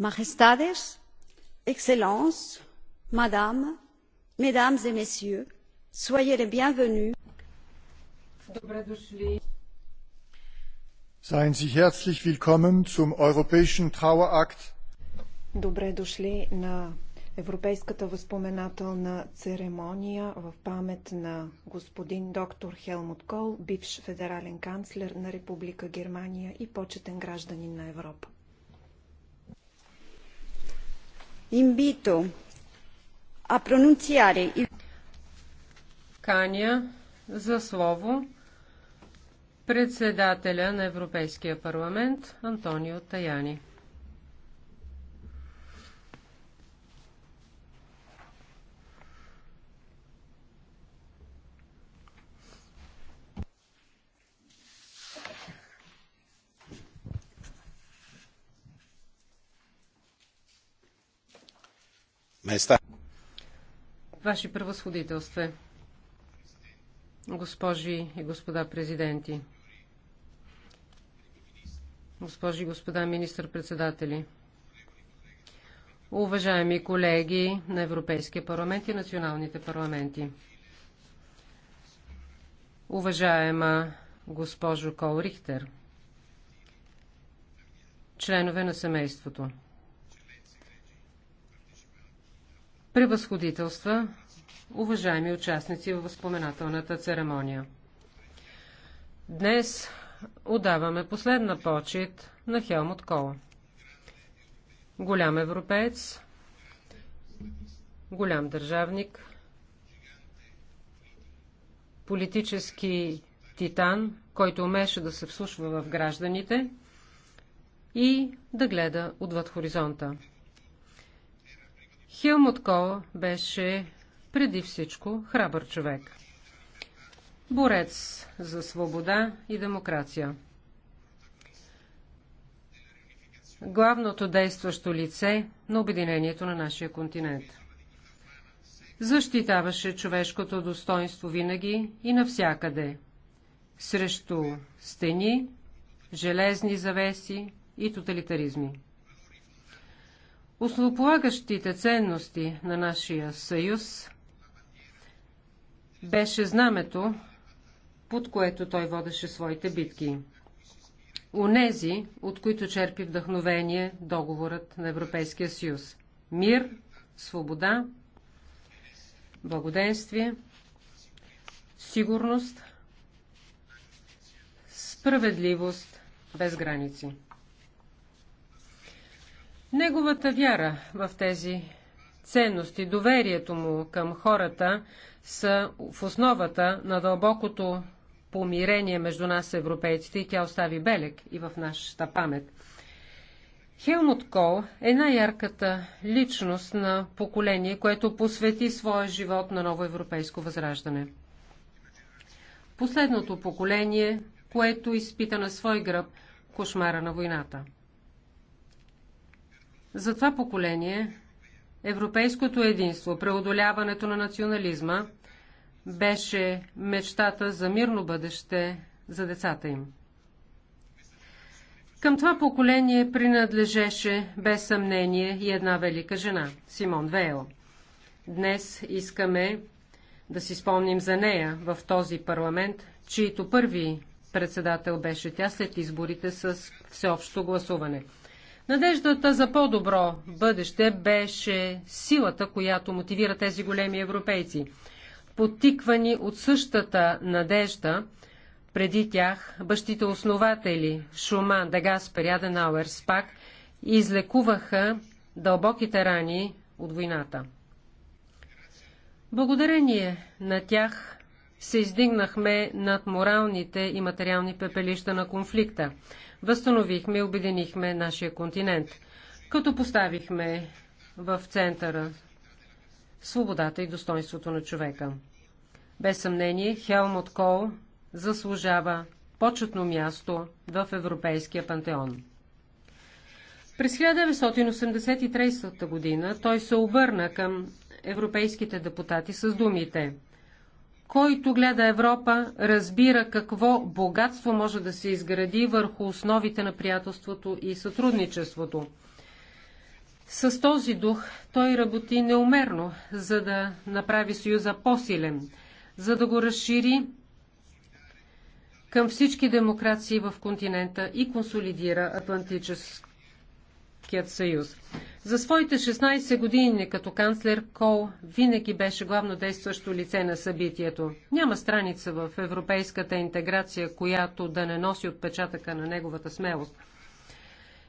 Majestades, Excellences, Madame, Mesdames et Messieurs, soyez les bienvenus. Добре дошли. Seien Sie herzlich willkommen zum Europäischen Trauerakt. Добре дошли на Европейската възпоменателна церемония в памет на господин доктор Хелмут Кол, бивш федерален канцлер на Република Германия и почетен гражданин на Европа. Invito a pronunziare il... Каня за слово председателя на Европейския парламент Антонио Таяни. места. Ваши превъзходителстве, госпожи и господа президенти, госпожи и господа министр-председатели, уважаеми колеги на Европейския парламент и националните парламенти, уважаема госпожо Кол Рихтер, членове на семейството, превъзходителства, уважаеми участници в възпоменателната церемония. Днес отдаваме последна почет на Хелмут Кола. Голям европеец, голям държавник, политически титан, който умеше да се вслушва в гражданите и да гледа отвъд хоризонта. Хелмут Кол беше преди всичко храбър човек. Борец за свобода и демокрация. Главното действащо лице на обединението на нашия континент. Защитаваше човешкото достоинство винаги и навсякъде. Срещу стени, железни завеси и тоталитаризми. Основополагащите ценности на нашия съюз беше знамето, под което той водеше своите битки. Унези, от които черпи вдъхновение договорът на Европейския съюз. Мир, свобода, благоденствие, сигурност, справедливост без граници. Неговата вяра в тези ценности, доверието му към хората са в основата на дълбокото помирение между нас, европейците, и тя остави белег и в нашата памет. Хелмут Кол е най-ярката личност на поколение, което посвети своя живот на ново европейско възраждане. Последното поколение, което изпита на свой гръб кошмара на войната – за това поколение европейското единство, преодоляването на национализма, беше мечтата за мирно бъдеще за децата им. Към това поколение принадлежеше без съмнение и една велика жена – Симон Вейл. Днес искаме да си спомним за нея в този парламент, чието първи председател беше тя след изборите с всеобщо гласуване – Надеждата за по-добро бъдеще беше силата, която мотивира тези големи европейци. Потиквани от същата надежда, преди тях бащите основатели Шуман, Дегаспер и Аденауер Спак излекуваха дълбоките рани от войната. Благодарение на тях се издигнахме над моралните и материални пепелища на конфликта възстановихме и обединихме нашия континент, като поставихме в центъра свободата и достоинството на човека. Без съмнение, Хелмут Кол заслужава почетно място в Европейския пантеон. През 1983 г. той се обърна към европейските депутати с думите – който гледа Европа, разбира какво богатство може да се изгради върху основите на приятелството и сътрудничеството. С този дух той работи неумерно, за да направи Съюза по-силен, за да го разшири към всички демокрации в континента и консолидира Атлантически Европейският съюз. За своите 16 години като канцлер Кол винаги беше главно действащо лице на събитието. Няма страница в европейската интеграция, която да не носи отпечатъка на неговата смелост.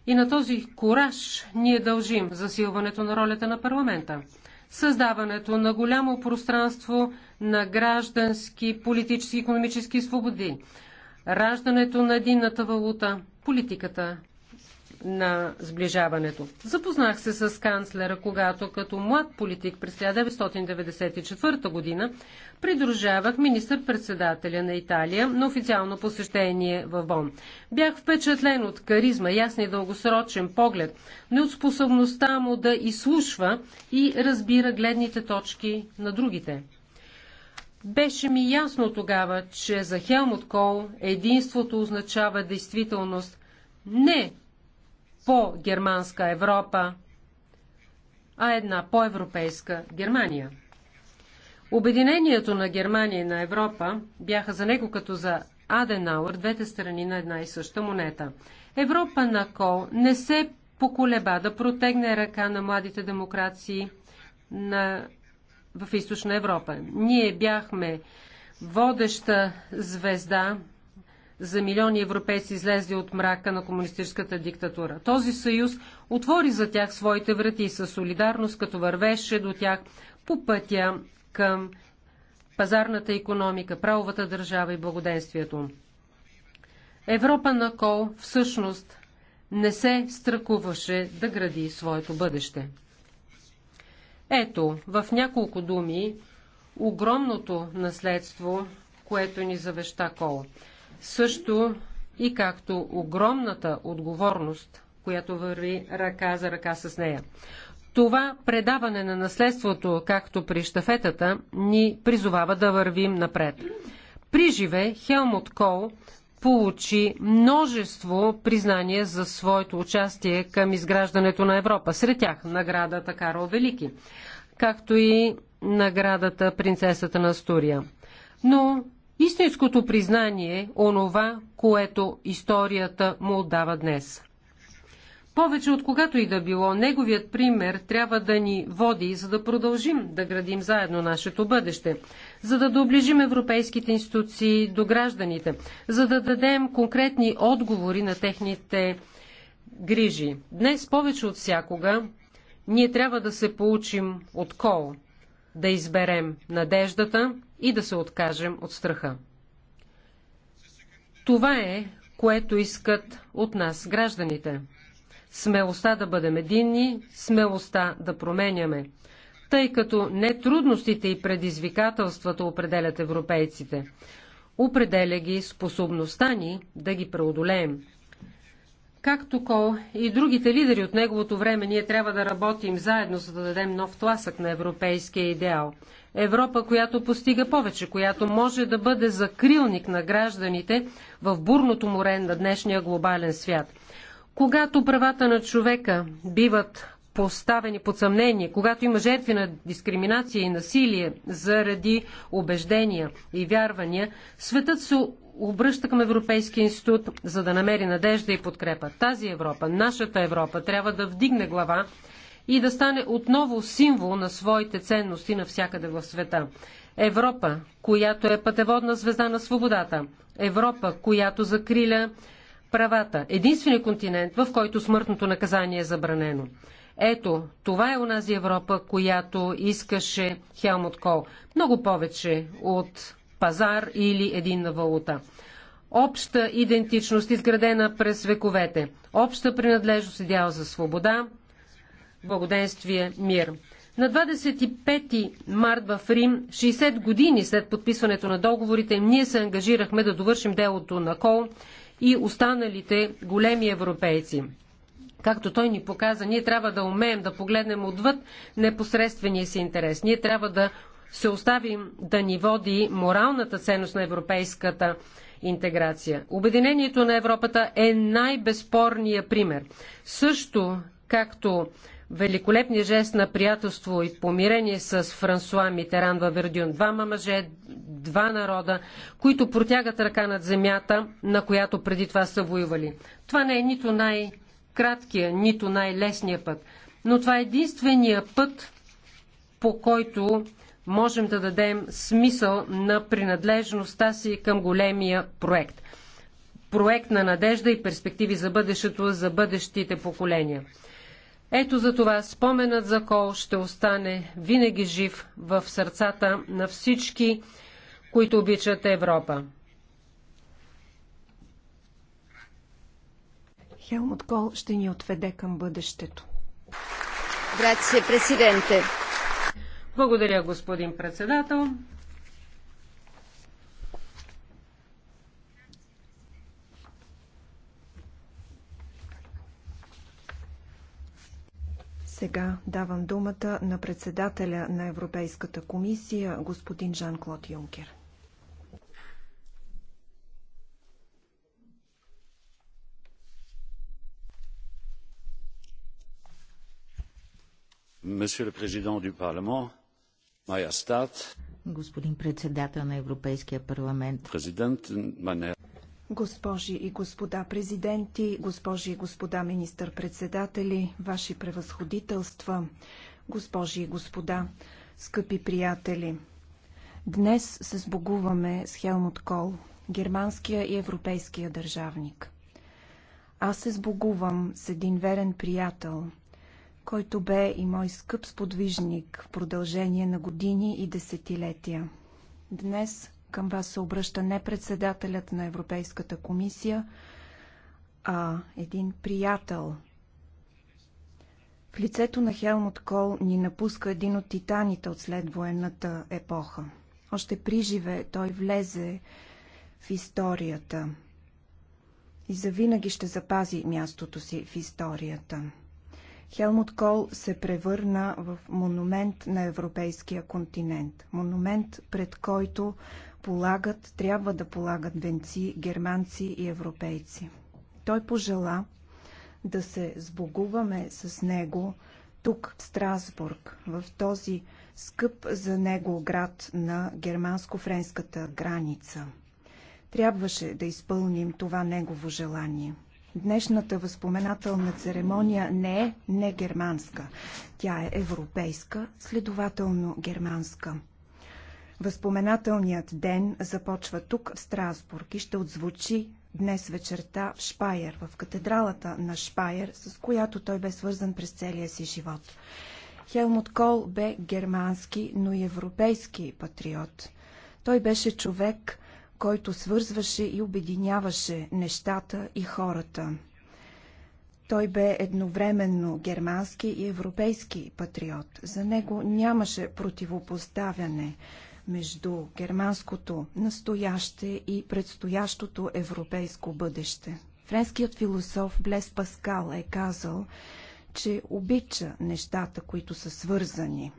И на този кураж ние дължим засилването на ролята на парламента. Създаването на голямо пространство на граждански, политически и економически свободи, раждането на единната валута, политиката на сближаването. Запознах се с канцлера, когато като млад политик през 1994 година придружавах министър-председателя на Италия на официално посещение в Бон. Бях впечатлен от каризма, ясни и дългосрочен поглед, не от способността му да изслушва и разбира гледните точки на другите. Беше ми ясно тогава, че за Хелмут Кол единството означава действителност, не по-германска Европа, а една по-европейска Германия. Обединението на Германия и на Европа бяха за него като за Аденауър двете страни на една и съща монета. Европа на Кол не се поколеба да протегне ръка на младите демокрации на... в източна Европа. Ние бяхме водеща звезда за милиони европейци излезли от мрака на комунистическата диктатура. Този съюз отвори за тях своите врати със солидарност, като вървеше до тях по пътя към пазарната економика, правовата държава и благоденствието. Европа на Кол всъщност не се страхуваше да гради своето бъдеще. Ето, в няколко думи, огромното наследство, което ни завеща Кол също и както огромната отговорност, която върви ръка за ръка с нея. Това предаване на наследството, както при щафетата, ни призовава да вървим напред. При живе Хелмут Кол получи множество признания за своето участие към изграждането на Европа. Сред тях наградата Карл Велики, както и наградата Принцесата на Астурия. Но истинското признание е онова, което историята му отдава днес. Повече от когато и да било, неговият пример трябва да ни води, за да продължим да градим заедно нашето бъдеще, за да доближим европейските институции до гражданите, за да дадем конкретни отговори на техните грижи. Днес повече от всякога ние трябва да се получим от кол, да изберем надеждата, и да се откажем от страха. Това е, което искат от нас гражданите. Смелостта да бъдем единни, смелостта да променяме, тъй като не трудностите и предизвикателствата определят европейците. Определя ги способността ни да ги преодолеем. Както Кол и другите лидери от неговото време, ние трябва да работим заедно, за да дадем нов тласък на европейския идеал – Европа, която постига повече, която може да бъде закрилник на гражданите в бурното море на днешния глобален свят. Когато правата на човека биват поставени под съмнение, когато има жертви на дискриминация и насилие заради убеждения и вярвания, светът се обръща към Европейския институт, за да намери надежда и подкрепа. Тази Европа, нашата Европа, трябва да вдигне глава и да стане отново символ на своите ценности навсякъде в света. Европа, която е пътеводна звезда на свободата. Европа, която закриля правата. Единственият континент, в който смъртното наказание е забранено. Ето, това е онази Европа, която искаше Хелмут Кол. Много повече от пазар или единна валута. Обща идентичност, изградена през вековете. Обща принадлежност, идеал за свобода, благоденствие, мир. На 25 март в Рим, 60 години след подписването на договорите, ние се ангажирахме да довършим делото на Кол и останалите големи европейци. Както той ни показа, ние трябва да умеем да погледнем отвъд непосредствения си интерес. Ние трябва да се оставим да ни води моралната ценност на европейската интеграция. Обединението на Европата е най-безспорният пример. Също както великолепния жест на приятелство и помирение с Франсуа Митеран във Вердюн. Двама мъже, два народа, които протягат ръка над земята, на която преди това са воювали. Това не е нито най-краткия, нито най-лесния път, но това е единствения път, по който можем да дадем смисъл на принадлежността си към големия проект. Проект на надежда и перспективи за бъдещето, за бъдещите поколения. Ето за това споменът за кол ще остане винаги жив в сърцата на всички, които обичат Европа. Хелмут Кол ще ни отведе към бъдещето. Благодаря, господин председател. Сега давам думата на председателя на Европейската комисия, господин Жан-Клод Юнкер. Господин председател на Европейския парламент, Госпожи и господа президенти, госпожи и господа министър-председатели, ваши превъзходителства, госпожи и господа, скъпи приятели. Днес се сбогуваме с Хелмут Кол, германския и европейския държавник. Аз се сбогувам с един верен приятел, който бе и мой скъп сподвижник в продължение на години и десетилетия. Днес към вас се обръща не председателят на Европейската комисия, а един приятел. В лицето на Хелмут Кол ни напуска един от титаните от следвоенната епоха. Още при живе той влезе в историята и завинаги ще запази мястото си в историята. Хелмут Кол се превърна в монумент на европейския континент. Монумент, пред който полагат, трябва да полагат венци, германци и европейци. Той пожела да се сбогуваме с него тук, в Страсбург, в този скъп за него град на германско-френската граница. Трябваше да изпълним това негово желание. Днешната възпоменателна церемония не е негерманска. Тя е европейска, следователно германска. Възпоменателният ден започва тук, в Страсбург, и ще отзвучи днес вечерта в Шпайер, в катедралата на Шпайер, с която той бе свързан през целия си живот. Хелмут Кол бе германски, но и европейски патриот. Той беше човек, който свързваше и обединяваше нещата и хората. Той бе едновременно германски и европейски патриот. За него нямаше противопоставяне между германското настояще и предстоящото европейско бъдеще. Френският философ Блес Паскал е казал, че обича нещата, които са свързани.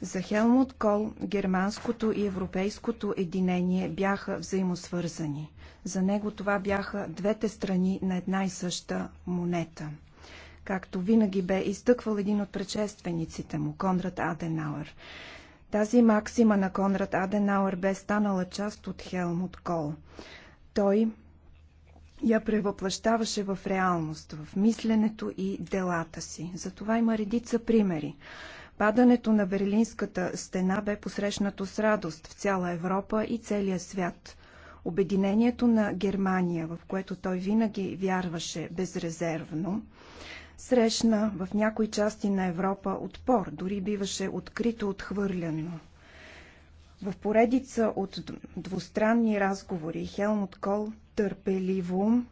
За Хелмут Кол германското и европейското единение бяха взаимосвързани. За него това бяха двете страни на една и съща монета – както винаги бе изтъквал един от предшествениците му, Конрад Аденауер. Тази максима на Конрад Аденауер бе станала част от Хелмут Кол. Той я превъплащаваше в реалност, в мисленето и делата си. Затова има редица примери. Падането на Берлинската стена бе посрещнато с радост в цяла Европа и целия свят. Обединението на Германия, в което той винаги вярваше безрезервно, срещна в някои части на Европа отпор, дори биваше открито отхвърляно. В поредица от двустранни разговори Хелмут Кол търпеливо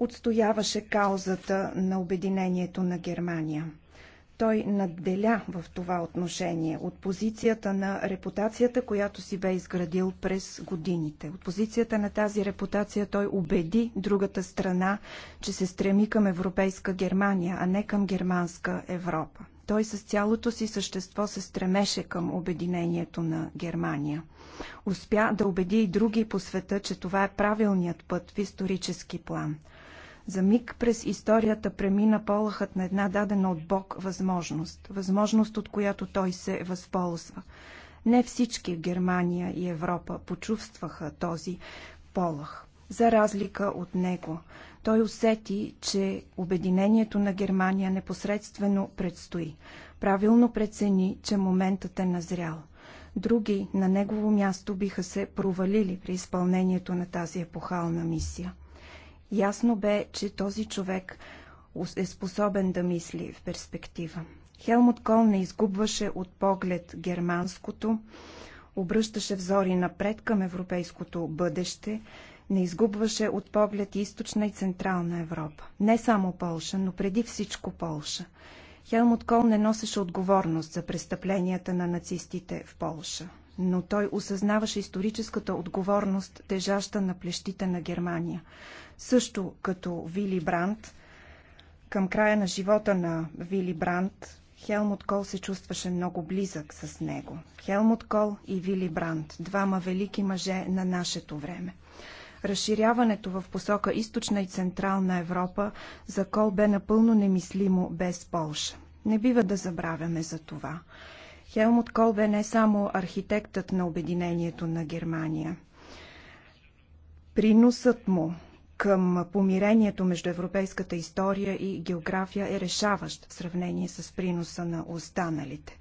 отстояваше каузата на обединението на Германия. Той надделя в това отношение от позицията на репутацията, която си бе изградил през годините. От позицията на тази репутация той убеди другата страна, че се стреми към европейска Германия, а не към германска Европа. Той с цялото си същество се стремеше към обединението на Германия. Успя да убеди и други по света, че това е правилният път в исторически план – за миг през историята премина полахът на една дадена от Бог възможност, възможност от която той се възползва. Не всички в Германия и Европа почувстваха този полах. За разлика от него, той усети, че обединението на Германия непосредствено предстои. Правилно прецени, че моментът е назрял. Други на негово място биха се провалили при изпълнението на тази епохална мисия. Ясно бе, че този човек е способен да мисли в перспектива. Хелмут Кол не изгубваше от поглед германското, обръщаше взори напред към европейското бъдеще, не изгубваше от поглед и източна и централна Европа. Не само Полша, но преди всичко Полша. Хелмут Кол не носеше отговорност за престъпленията на нацистите в Полша но той осъзнаваше историческата отговорност, тежаща на плещите на Германия. Също като Вили Бранд, към края на живота на Вили Бранд, Хелмут Кол се чувстваше много близък с него. Хелмут Кол и Вили Бранд, двама велики мъже на нашето време. Разширяването в посока източна и централна Европа за Кол бе напълно немислимо без Полша. Не бива да забравяме за това. Хелмут Кол бе не само архитектът на обединението на Германия. Приносът му към помирението между европейската история и география е решаващ в сравнение с приноса на останалите.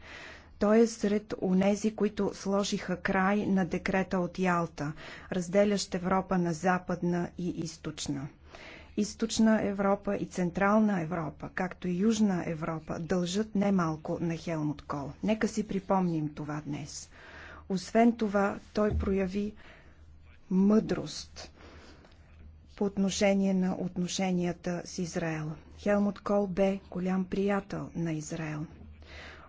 Той е сред онези, които сложиха край на декрета от Ялта, разделящ Европа на западна и източна. Източна Европа и Централна Европа, както и Южна Европа, дължат немалко на Хелмут Кол. Нека си припомним това днес. Освен това, той прояви мъдрост по отношение на отношенията с Израел. Хелмут Кол бе голям приятел на Израел.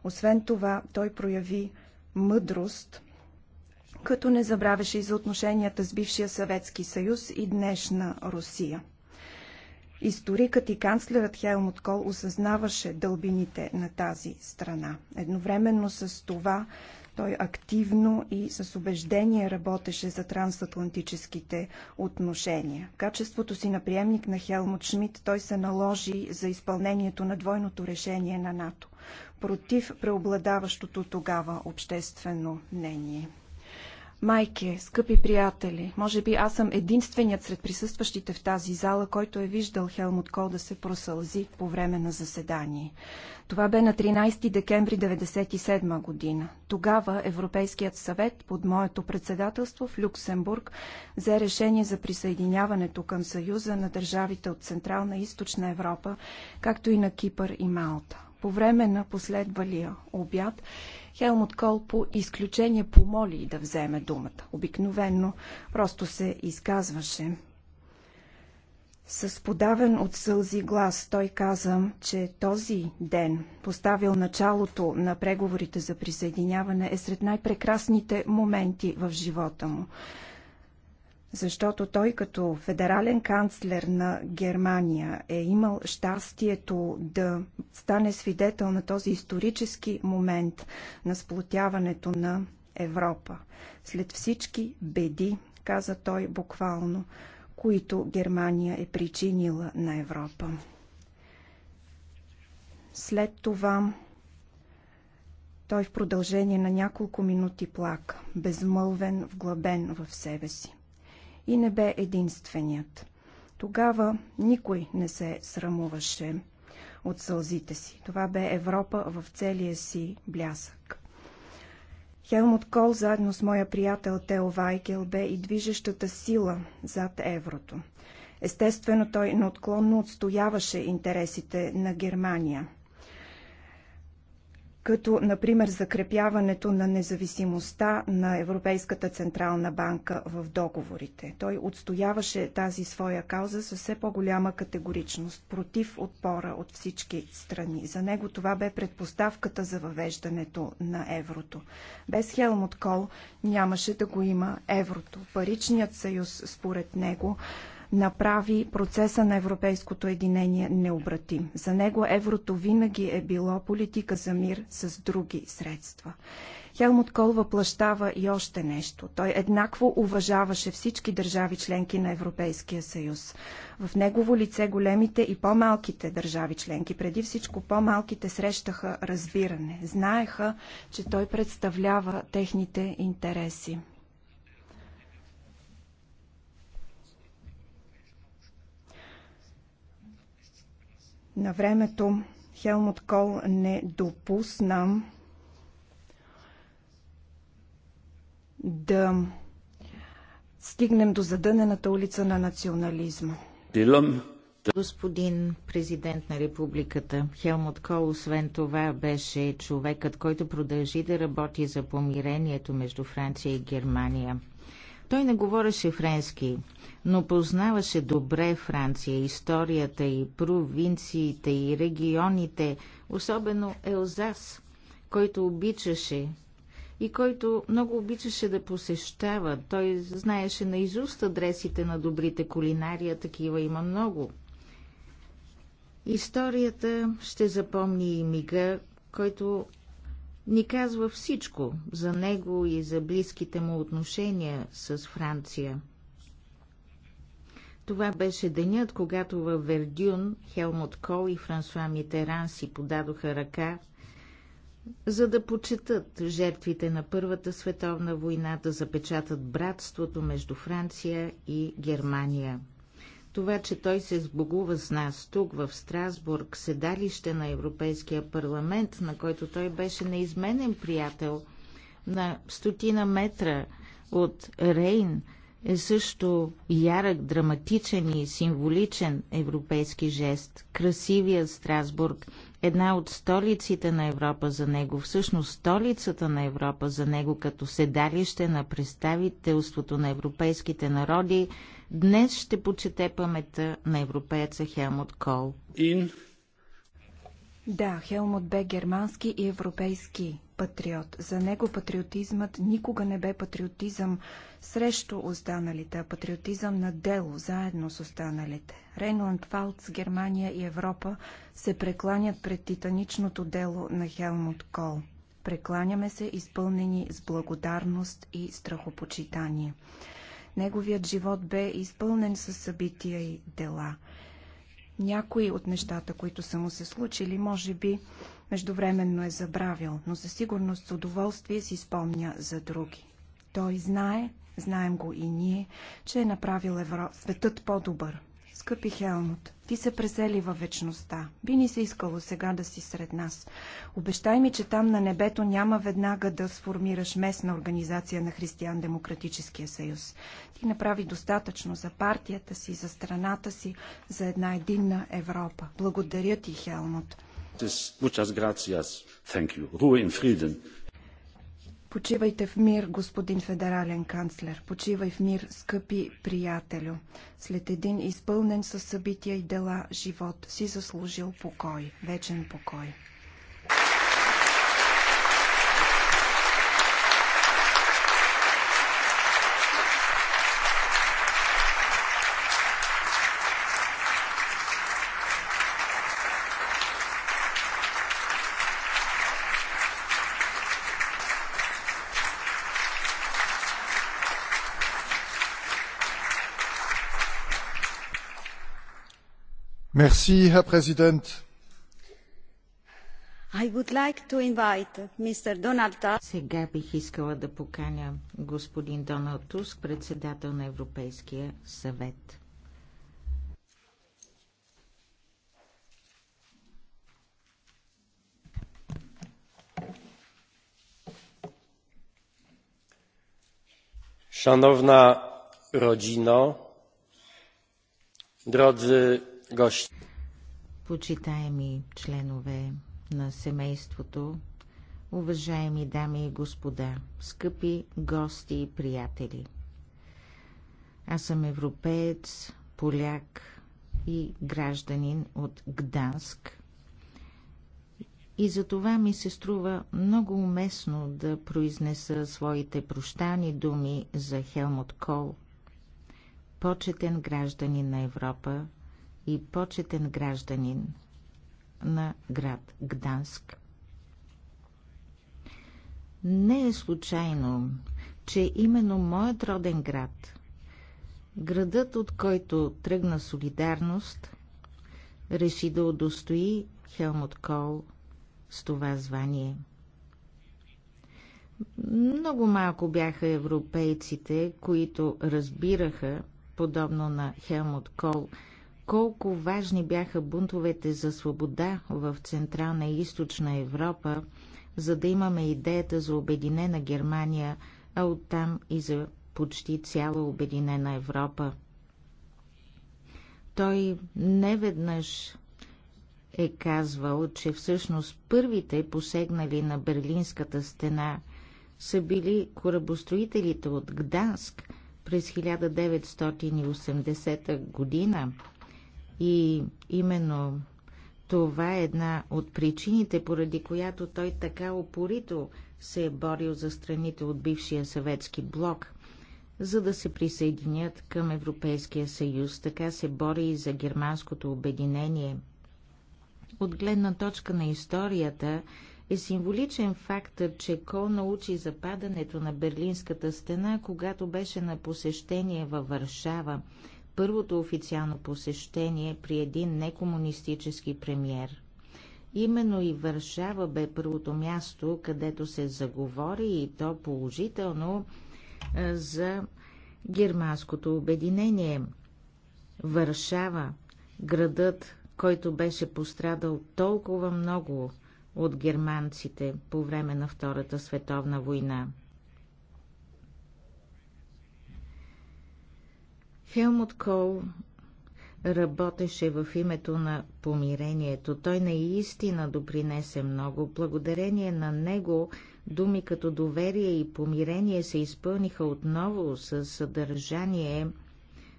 Освен това, той прояви мъдрост, като не забравяше и за отношенията с бившия Съветски съюз и днешна Русия – Историкът и канцлерът Хелмут Кол осъзнаваше дълбините на тази страна. Едновременно с това той активно и с убеждение работеше за трансатлантическите отношения. В качеството си на приемник на Хелмут Шмидт той се наложи за изпълнението на двойното решение на НАТО против преобладаващото тогава обществено мнение. Майке, скъпи приятели, може би аз съм единственият сред присъстващите в тази зала, който е виждал Хелмут Кол да се просълзи по време на заседание. Това бе на 13 декември 1997 година. Тогава Европейският съвет под моето председателство в Люксембург взе решение за присъединяването към Съюза на държавите от Централна и Източна Европа, както и на Кипър и Малта. По време на последвалия обяд Хелмут Кол по изключение помоли да вземе думата. Обикновенно просто се изказваше. С подавен от сълзи глас той каза, че този ден, поставил началото на преговорите за присъединяване, е сред най-прекрасните моменти в живота му защото той като федерален канцлер на Германия е имал щастието да стане свидетел на този исторически момент на сплотяването на Европа. След всички беди, каза той буквално, които Германия е причинила на Европа. След това той в продължение на няколко минути плака, безмълвен, вглъбен в себе си и не бе единственият. Тогава никой не се срамуваше от сълзите си. Това бе Европа в целия си блясък. Хелмут Кол заедно с моя приятел Тео Вайкел бе и движещата сила зад еврото. Естествено, той неотклонно отстояваше интересите на Германия – като например закрепяването на независимостта на Европейската Централна банка в договорите. Той отстояваше тази своя кауза с все по-голяма категоричност, против отпора от всички страни. За него това бе предпоставката за въвеждането на еврото. Без Хелмут Кол нямаше да го има еврото. Паричният съюз, според него, направи процеса на европейското единение необратим. За него еврото винаги е било политика за мир с други средства. Хелмут Кол въплащава и още нещо. Той еднакво уважаваше всички държави членки на Европейския съюз. В негово лице големите и по-малките държави членки, преди всичко по-малките срещаха разбиране. Знаеха, че той представлява техните интереси. На времето Хелмут Кол не допусна да стигнем до задънената улица на национализма. Господин президент на републиката, Хелмут Кол, освен това, беше човекът, който продължи да работи за помирението между Франция и Германия – той не говореше френски, но познаваше добре Франция, историята и провинциите и регионите, особено Елзас, който обичаше и който много обичаше да посещава. Той знаеше наизуст адресите на добрите кулинария, такива има много. Историята ще запомни и мига, който ни казва всичко за него и за близките му отношения с Франция. Това беше денят, когато във Вердюн Хелмут Кол и Франсуа Митеран си подадоха ръка, за да почетат жертвите на Първата световна война, да запечатат братството между Франция и Германия – това, че той се сбогува с нас тук в Страсбург, седалище на Европейския парламент, на който той беше неизменен приятел на стотина метра от Рейн, е също ярък, драматичен и символичен европейски жест. Красивият Страсбург, една от столиците на Европа за него, всъщност столицата на Европа за него като седалище на представителството на европейските народи, Днес ще почете паметта на европееца Хелмут Кол. In... Да, Хелмут бе германски и европейски патриот. За него патриотизмът никога не бе патриотизъм срещу останалите, а патриотизъм на дело, заедно с останалите. Рейнланд Фалц, Германия и Европа се прекланят пред титаничното дело на Хелмут Кол. Прекланяме се, изпълнени с благодарност и страхопочитание. Неговият живот бе изпълнен с събития и дела. Някои от нещата, които са му се случили, може би междувременно е забравил, но със сигурност с удоволствие си спомня за други. Той знае, знаем го и ние, че е направил Евро... светът по-добър Скъпи Хелмут, ти се пресели във вечността. Би ни се искало сега да си сред нас. Обещай ми, че там на небето няма веднага да сформираш местна организация на Християн-демократическия съюз. Ти направи достатъчно за партията си, за страната си, за една единна Европа. Благодаря ти, Хелмут. Muchas gracias. Thank you. Ruhe in Frieden. Почивайте в мир, господин федерален канцлер. Почивай в мир, скъпи приятелю. След един изпълнен със събития и дела живот си заслужил покой, вечен покой. Merci, Herr Präsident. I would like to invite Mr. Donald Tusk. Сега бих искала да поканя господин Доналд Туск, председател на Европейския съвет. Szanowna rodzino, drodzy гости. Почитаеми членове на семейството, уважаеми дами и господа, скъпи гости и приятели. Аз съм европеец, поляк и гражданин от Гданск. И за това ми се струва много уместно да произнеса своите прощани думи за Хелмут Кол, почетен гражданин на Европа, и почетен гражданин на град Гданск. Не е случайно, че именно моят роден град, градът от който тръгна солидарност, реши да удостои Хелмут Кол с това звание. Много малко бяха европейците, които разбираха, подобно на Хелмут Кол, колко важни бяха бунтовете за свобода в Централна и Източна Европа, за да имаме идеята за обединена Германия, а оттам и за почти цяла обединена Европа. Той неведнъж е казвал, че всъщност първите посегнали на Берлинската стена са били корабостроителите от Гданск през 1980 година – и именно това е една от причините, поради която той така опорито се е борил за страните от бившия съветски блок, за да се присъединят към Европейския съюз. Така се бори и за германското обединение. От гледна точка на историята е символичен фактът, че Кол научи за падането на Берлинската стена, когато беше на посещение във Варшава – първото официално посещение при един некомунистически премьер. Именно и Варшава бе първото място, където се заговори и то положително е, за германското обединение. Варшава, градът, който беше пострадал толкова много от германците по време на Втората световна война – Хелмут Кол работеше в името на помирението. Той наистина допринесе много. Благодарение на него думи като доверие и помирение се изпълниха отново с съдържание,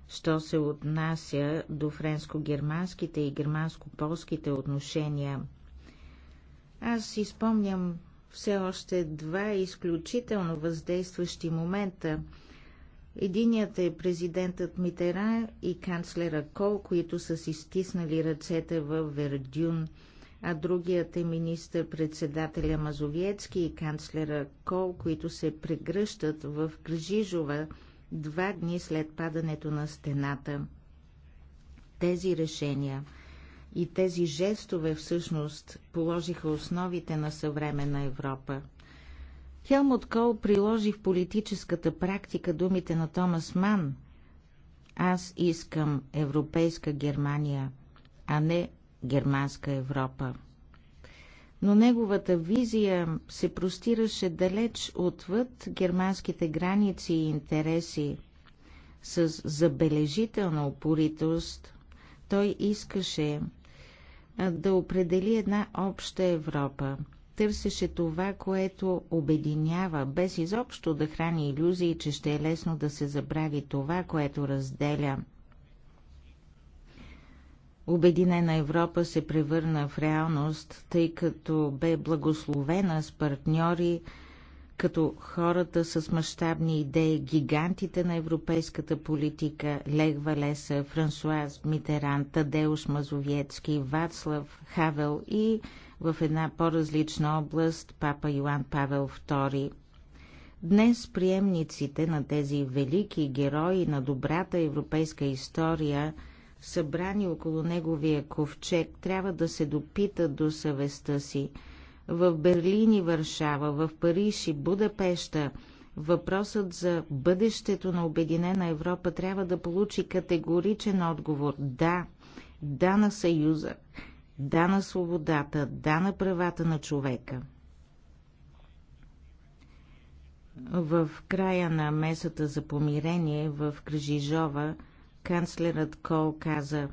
що се отнася до френско-германските и германско-полските отношения. Аз изпомням все още два изключително въздействащи момента – Единият е президентът Митера и канцлера Кол, които са си стиснали ръцете в Вердюн, а другият е министър-председателя Мазовецки и канцлера Кол, които се прегръщат в Гржижова два дни след падането на стената. Тези решения и тези жестове всъщност положиха основите на съвременна Европа – Хелмут Кол приложи в политическата практика думите на Томас Ман. Аз искам европейска Германия, а не германска Европа. Но неговата визия се простираше далеч отвъд германските граници и интереси. С забележителна упоритост той искаше да определи една обща Европа, търсеше това, което обединява, без изобщо да храни иллюзии, че ще е лесно да се забрави това, което разделя. Обединена Европа се превърна в реалност, тъй като бе благословена с партньори, като хората с мащабни идеи, гигантите на европейската политика, Лех Валеса, Франсуаз Митеран, Тадеуш Мазовецки, Вацлав Хавел и в една по-различна област папа Йоан Павел II. Днес приемниците на тези велики герои на добрата европейска история, събрани около неговия ковчег, трябва да се допитат до съвестта си. В Берлин и Варшава, в Париж и Будапеща въпросът за бъдещето на Обединена Европа трябва да получи категоричен отговор – да, да на Съюза, да на свободата, да на правата на човека. В края на месата за помирение в Кръжижова канцлерът Кол каза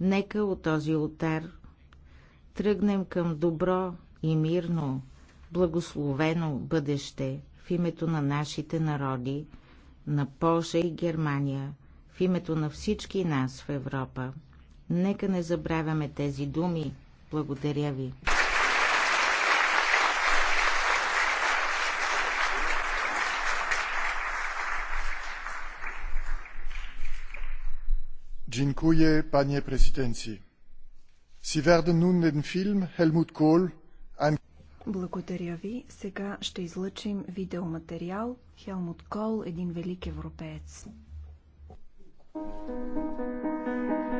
«Нека от този ултар тръгнем към добро и мирно, благословено бъдеще в името на нашите народи, на Польша и Германия, в името на всички нас в Европа». Нека не забравяме тези думи. Благодаря ви. Dziękuję, panie prezydencji. Sie werden nun den Film Helmut Kohl an... Благодаря ви. Сега ще излъчим видеоматериал Хелмут Кол, един велик европеец. Thank you.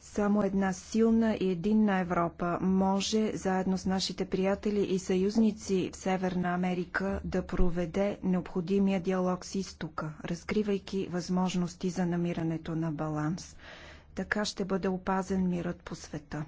Само една силна и единна Европа може, заедно с нашите приятели и съюзници в Северна Америка, да проведе необходимия диалог с изтока, разкривайки възможности за намирането на баланс. Така ще бъде опазен мирът по света.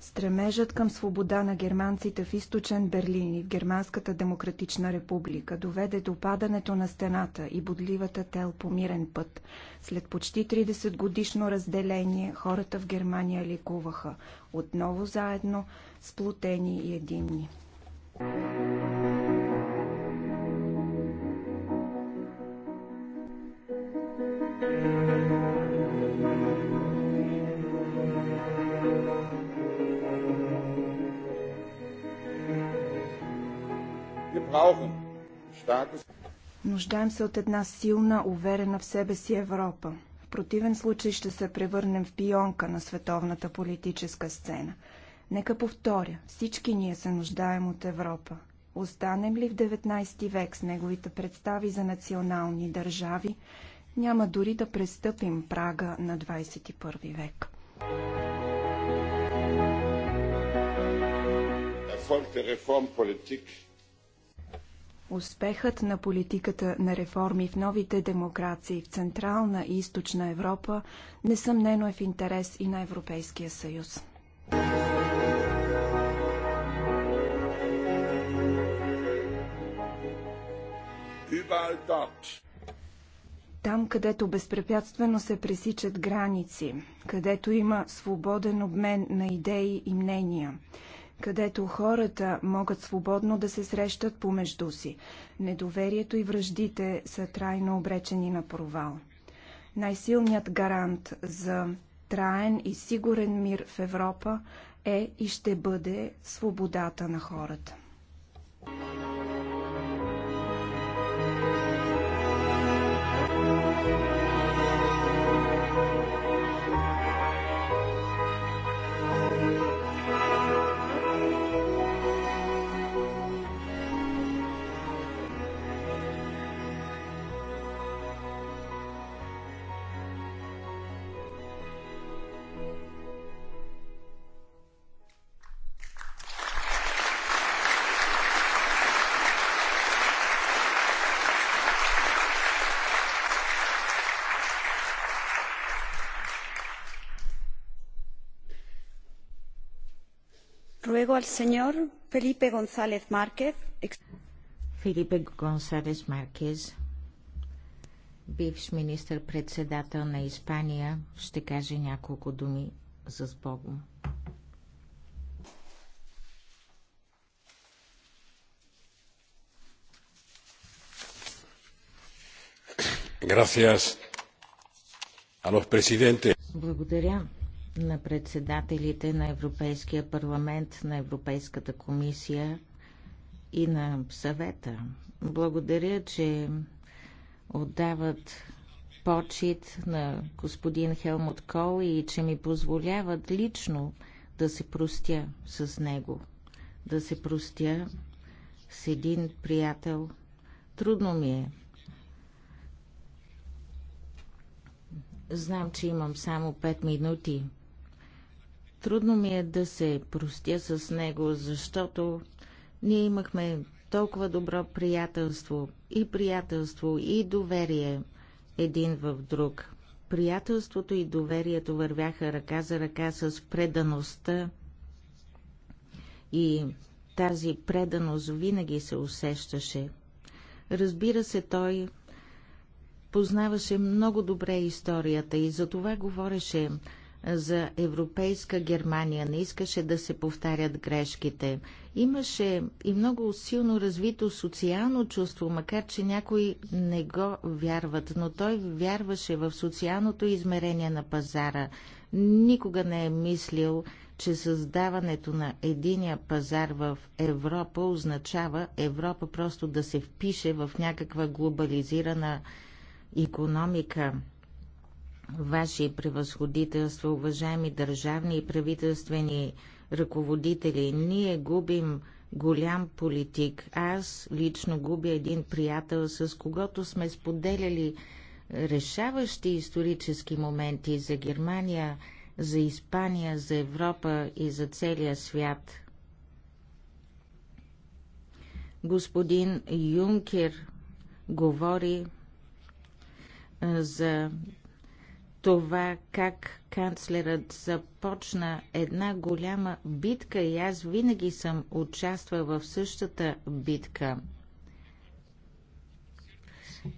Стремежът към свобода на германците в източен Берлин и в Германската демократична република доведе до падането на стената и бодливата тел по мирен път. След почти 30 годишно разделение хората в Германия ликуваха, отново заедно, сплутени и единни. Thank you. Нуждаем се от една силна, уверена в себе си Европа. В противен случай ще се превърнем в пионка на световната политическа сцена. Нека повторя, всички ние се нуждаем от Европа. Останем ли в 19 век с неговите представи за национални държави, няма дори да престъпим прага на 21 век. Erfolgte Reformpolitik Успехът на политиката на реформи в новите демокрации в Централна и Източна Европа несъмнено е в интерес и на Европейския съюз. Там, където безпрепятствено се пресичат граници, където има свободен обмен на идеи и мнения – където хората могат свободно да се срещат помежду си. Недоверието и връждите са трайно обречени на провал. Най-силният гарант за траен и сигурен мир в Европа е и ще бъде свободата на хората. luego al señor Felipe González Márquez. Филипе Гонсалес Маркез, бивш министр-председател на Испания, ще каже няколко думи за с Богом. Благодаря на председателите на Европейския парламент, на Европейската комисия и на съвета. Благодаря, че отдават почет на господин Хелмут Кол и че ми позволяват лично да се простя с него, да се простя с един приятел. Трудно ми е. Знам, че имам само 5 минути Трудно ми е да се простя с него, защото ние имахме толкова добро приятелство и приятелство и доверие един в друг. Приятелството и доверието вървяха ръка за ръка с предаността и тази преданост винаги се усещаше. Разбира се, той познаваше много добре историята и за това говореше за европейска Германия, не искаше да се повтарят грешките. Имаше и много силно развито социално чувство, макар че някои не го вярват, но той вярваше в социалното измерение на пазара. Никога не е мислил, че създаването на единия пазар в Европа означава Европа просто да се впише в някаква глобализирана економика. Ваши превъзходителства, уважаеми държавни и правителствени ръководители, ние губим голям политик. Аз лично губя един приятел, с когото сме споделяли решаващи исторически моменти за Германия, за Испания, за Европа и за целия свят. Господин Юнкер говори за това как канцлерът започна една голяма битка и аз винаги съм участвал в същата битка.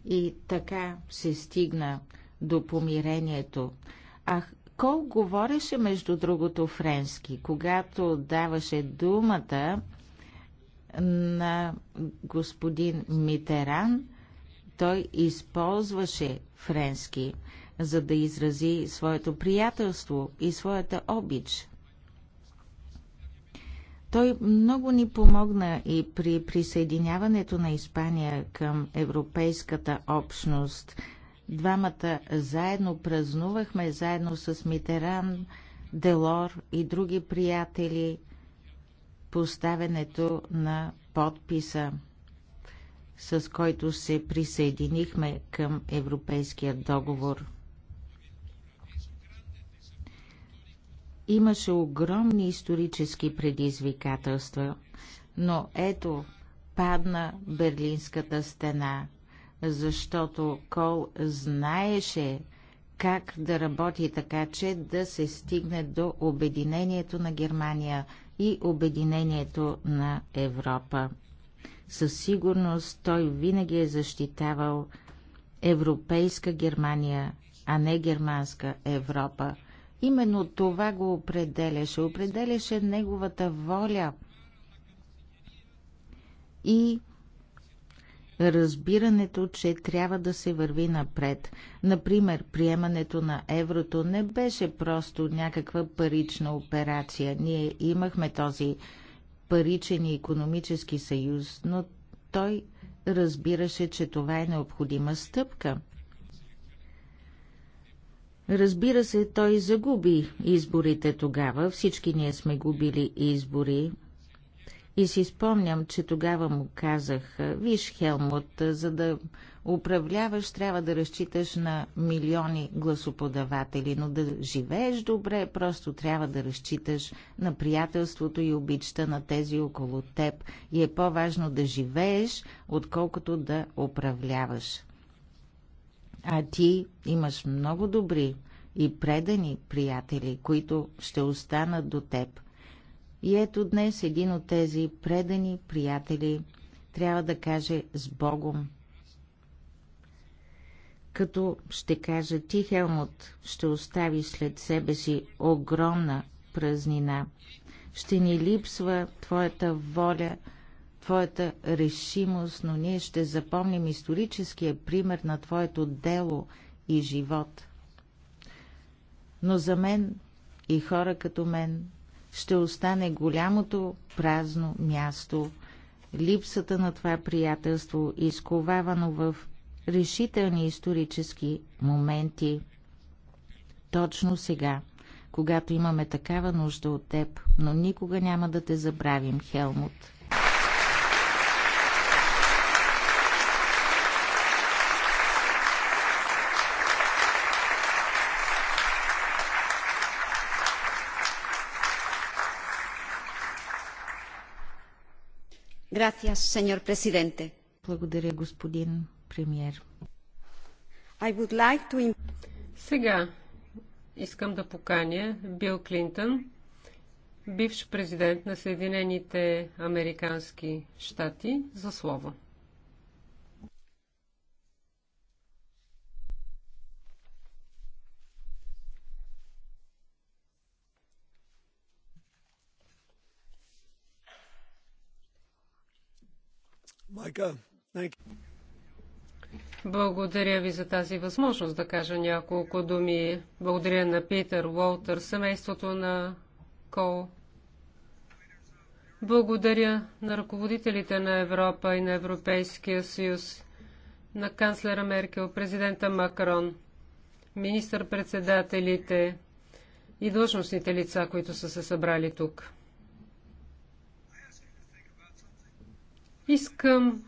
И така се стигна до помирението. Ах, Кол говореше, между другото, френски, когато даваше думата на господин Митеран, той използваше френски за да изрази своето приятелство и своята обич. Той много ни помогна и при присъединяването на Испания към Европейската общност. Двамата заедно празнувахме, заедно с Митеран, Делор и други приятели, поставянето на подписа, с който се присъединихме към Европейския договор. имаше огромни исторически предизвикателства, но ето падна Берлинската стена, защото Кол знаеше как да работи така, че да се стигне до обединението на Германия и обединението на Европа. Със сигурност той винаги е защитавал европейска Германия, а не германска Европа – Именно това го определяше. Определяше неговата воля и разбирането, че трябва да се върви напред. Например, приемането на еврото не беше просто някаква парична операция. Ние имахме този паричен и економически съюз, но той разбираше, че това е необходима стъпка. Разбира се, той загуби изборите тогава. Всички ние сме губили избори. И си спомням, че тогава му казах, виж, Хелмут, за да управляваш, трябва да разчиташ на милиони гласоподаватели, но да живееш добре, просто трябва да разчиташ на приятелството и обичта на тези около теб. И е по-важно да живееш, отколкото да управляваш. А ти имаш много добри и предани приятели, които ще останат до теб. И ето днес един от тези предани приятели трябва да каже с Богом. Като ще кажа ти, Хелмут, ще остави след себе си огромна празнина. Ще ни липсва твоята воля, твоята решимост, но ние ще запомним историческия пример на твоето дело и живот. Но за мен и хора като мен ще остане голямото празно място. Липсата на това приятелство, изковавано в решителни исторически моменти. Точно сега, когато имаме такава нужда от теб, но никога няма да те забравим, Хелмут. Gracias, señor presidente. Благодаря, господин премьер. I would like to... Сега искам да поканя Бил Клинтън, бивш президент на Съединените Американски щати, за слово. благодаря ви за тази възможност да кажа няколко думи. Благодаря на Питър Уолтер, семейството на Кол. Благодаря на ръководителите на Европа и на Европейския съюз, на канцлера Меркел, президента Макрон, министър-председателите и длъжностните лица, които са се събрали тук. Искам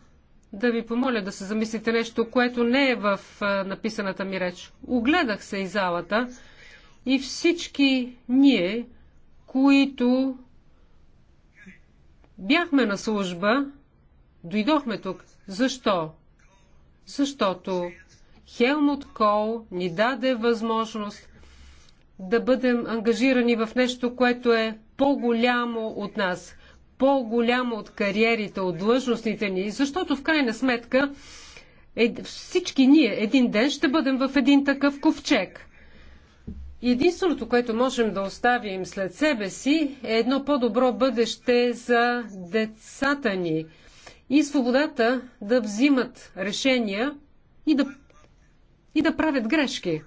да ви помоля да се замислите нещо, което не е в написаната ми реч. Огледах се и залата и всички ние, които бяхме на служба, дойдохме тук. Защо? Защото Хелмут Кол ни даде възможност да бъдем ангажирани в нещо, което е по-голямо от нас по-голяма от кариерите, от длъжностните ни, защото в крайна сметка е, всички ние един ден ще бъдем в един такъв ковчег. Единственото, което можем да оставим след себе си, е едно по-добро бъдеще за децата ни и свободата да взимат решения и да, и да правят грешки.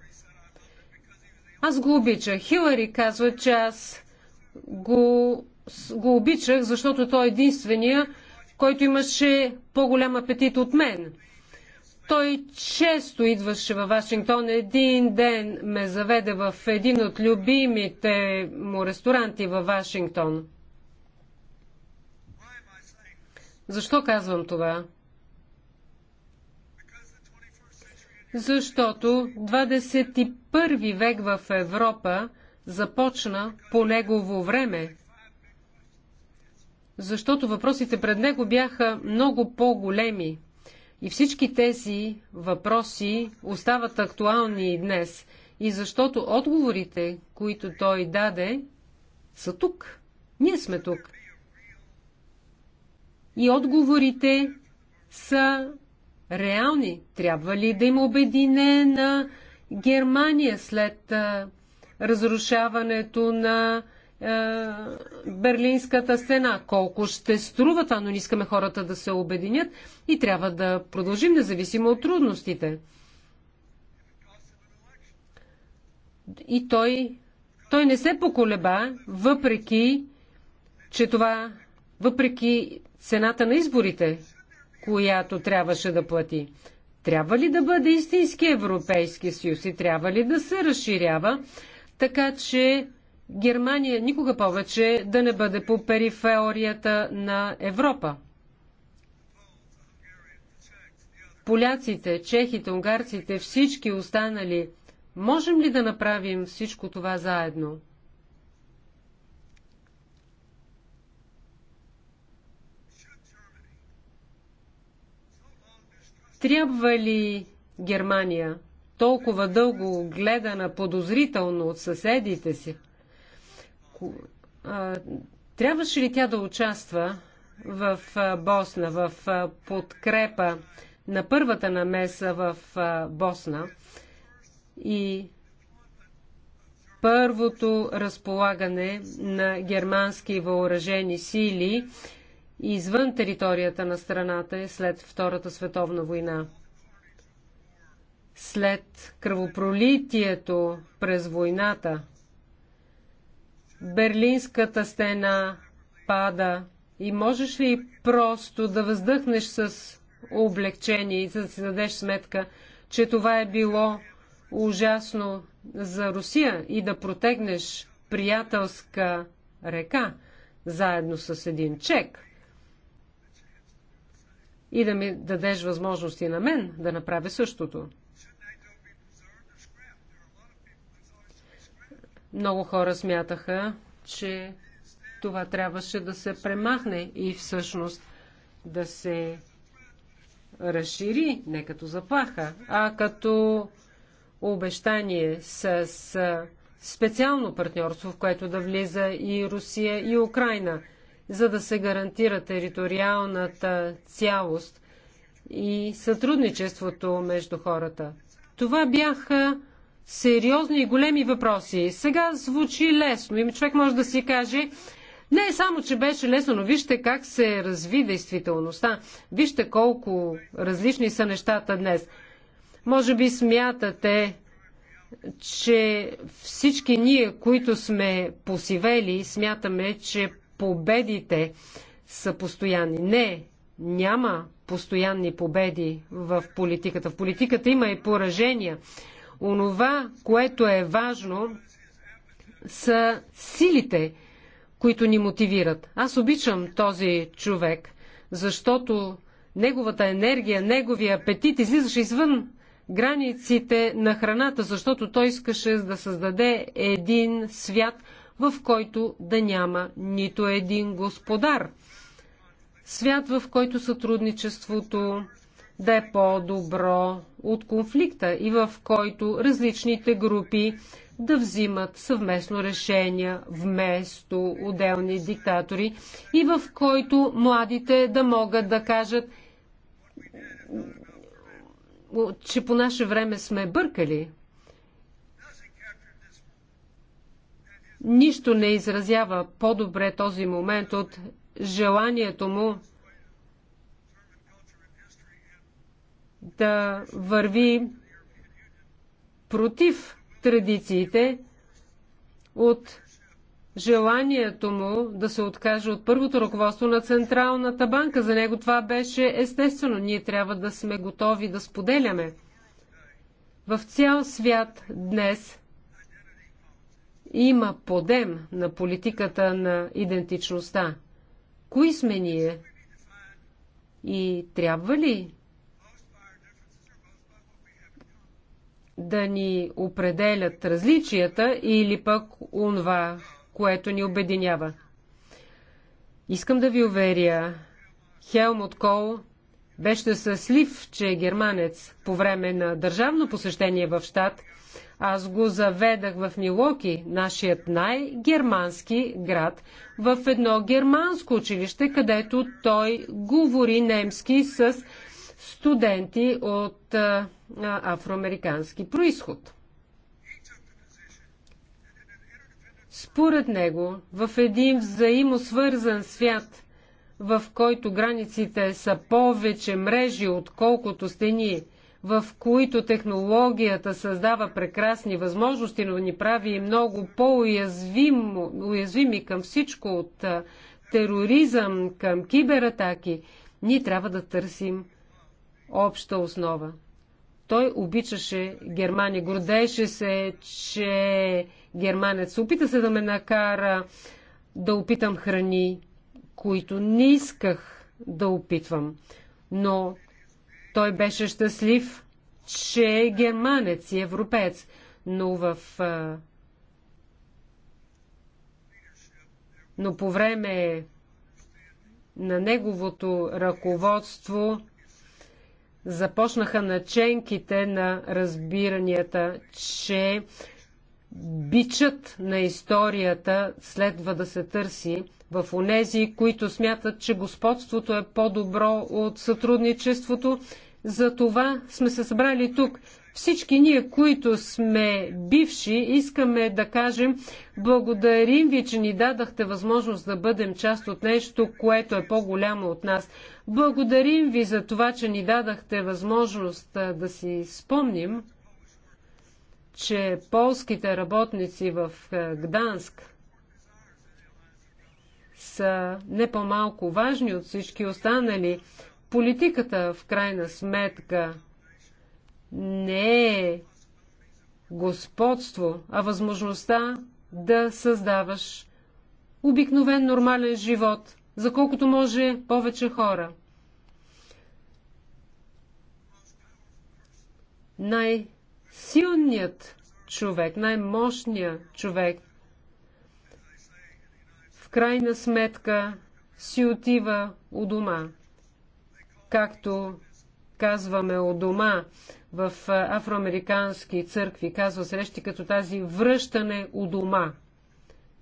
Аз го обичах Хилари казва, че аз го го обичах, защото той е единствения, който имаше по-голям апетит от мен. Той често идваше във Вашингтон. Един ден ме заведе в един от любимите му ресторанти във Вашингтон. Защо казвам това? Защото 21 век в Европа започна по негово време защото въпросите пред него бяха много по-големи. И всички тези въпроси остават актуални и днес. И защото отговорите, които той даде, са тук. Ние сме тук. И отговорите са реални. Трябва ли да има обединена Германия след разрушаването на е, Берлинската стена. Колко ще струва това, но не искаме хората да се обединят и трябва да продължим, независимо от трудностите. И той, той не се поколеба, въпреки, че това, въпреки цената на изборите, която трябваше да плати. Трябва ли да бъде истински Европейски съюз и трябва ли да се разширява, така че Германия никога повече да не бъде по периферията на Европа. Поляците, чехите, унгарците, всички останали, можем ли да направим всичко това заедно? Трябва ли Германия, толкова дълго гледана подозрително от съседите си, трябваше ли тя да участва в Босна, в подкрепа на първата намеса в Босна и първото разполагане на германски въоръжени сили извън територията на страната е след Втората световна война. След кръвопролитието през войната – Берлинската стена пада и можеш ли просто да въздъхнеш с облегчение и да си дадеш сметка, че това е било ужасно за Русия и да протегнеш приятелска река заедно с един чек и да ми дадеш възможности на мен да направя същото. Много хора смятаха, че това трябваше да се премахне и всъщност да се разшири не като заплаха, а като обещание с специално партньорство, в което да влиза и Русия и Украина, за да се гарантира териториалната цялост и сътрудничеството между хората. Това бяха сериозни и големи въпроси. Сега звучи лесно и човек може да си каже, не само, че беше лесно, но вижте как се разви действителността. Вижте колко различни са нещата днес. Може би смятате, че всички ние, които сме посивели, смятаме, че победите са постоянни. Не, няма постоянни победи в политиката. В политиката има и поражения. Онова, което е важно, са силите, които ни мотивират. Аз обичам този човек, защото неговата енергия, неговия апетит излизаше извън границите на храната, защото той искаше да създаде един свят, в който да няма нито един господар. Свят, в който сътрудничеството, да е по-добро от конфликта и в който различните групи да взимат съвместно решения вместо отделни диктатори и в който младите да могат да кажат, че по наше време сме бъркали. Нищо не изразява по-добре този момент от желанието му да върви против традициите от желанието му да се откаже от първото ръководство на Централната банка. За него това беше естествено. Ние трябва да сме готови да споделяме. В цял свят днес има подем на политиката на идентичността. Кои сме ние? И трябва ли да ни определят различията или пък онва, което ни обединява. Искам да ви уверя, Хелмут Кол беше съслив, че е германец по време на държавно посещение в щат. Аз го заведах в Милоки, нашият най-германски град, в едно германско училище, където той говори немски с студенти от афроамерикански происход. Според него, в един взаимосвързан свят, в който границите са повече мрежи, отколкото стени, в които технологията създава прекрасни възможности, но ни прави много по-уязвими към всичко от тероризъм, към кибератаки, ние трябва да търсим обща основа. Той обичаше Германия, гордееше се, че германец. Опита се да ме накара да опитам храни, които не исках да опитвам. Но той беше щастлив, че е германец и европеец. Но в но по време на неговото ръководство започнаха наченките на разбиранията, че бичът на историята следва да се търси в онези, които смятат, че господството е по-добро от сътрудничеството. За това сме се събрали тук, всички ние, които сме бивши, искаме да кажем благодарим ви, че ни дадахте възможност да бъдем част от нещо, което е по-голямо от нас. Благодарим ви за това, че ни дадахте възможност да си спомним, че полските работници в Гданск са не по-малко важни от всички останали. Политиката, в крайна сметка, не е господство, а възможността да създаваш обикновен нормален живот за колкото може повече хора. Най-силният човек, най-мощният човек в крайна сметка си отива у дома. Както казваме у дома в афроамерикански църкви, казва срещи като тази връщане у дома.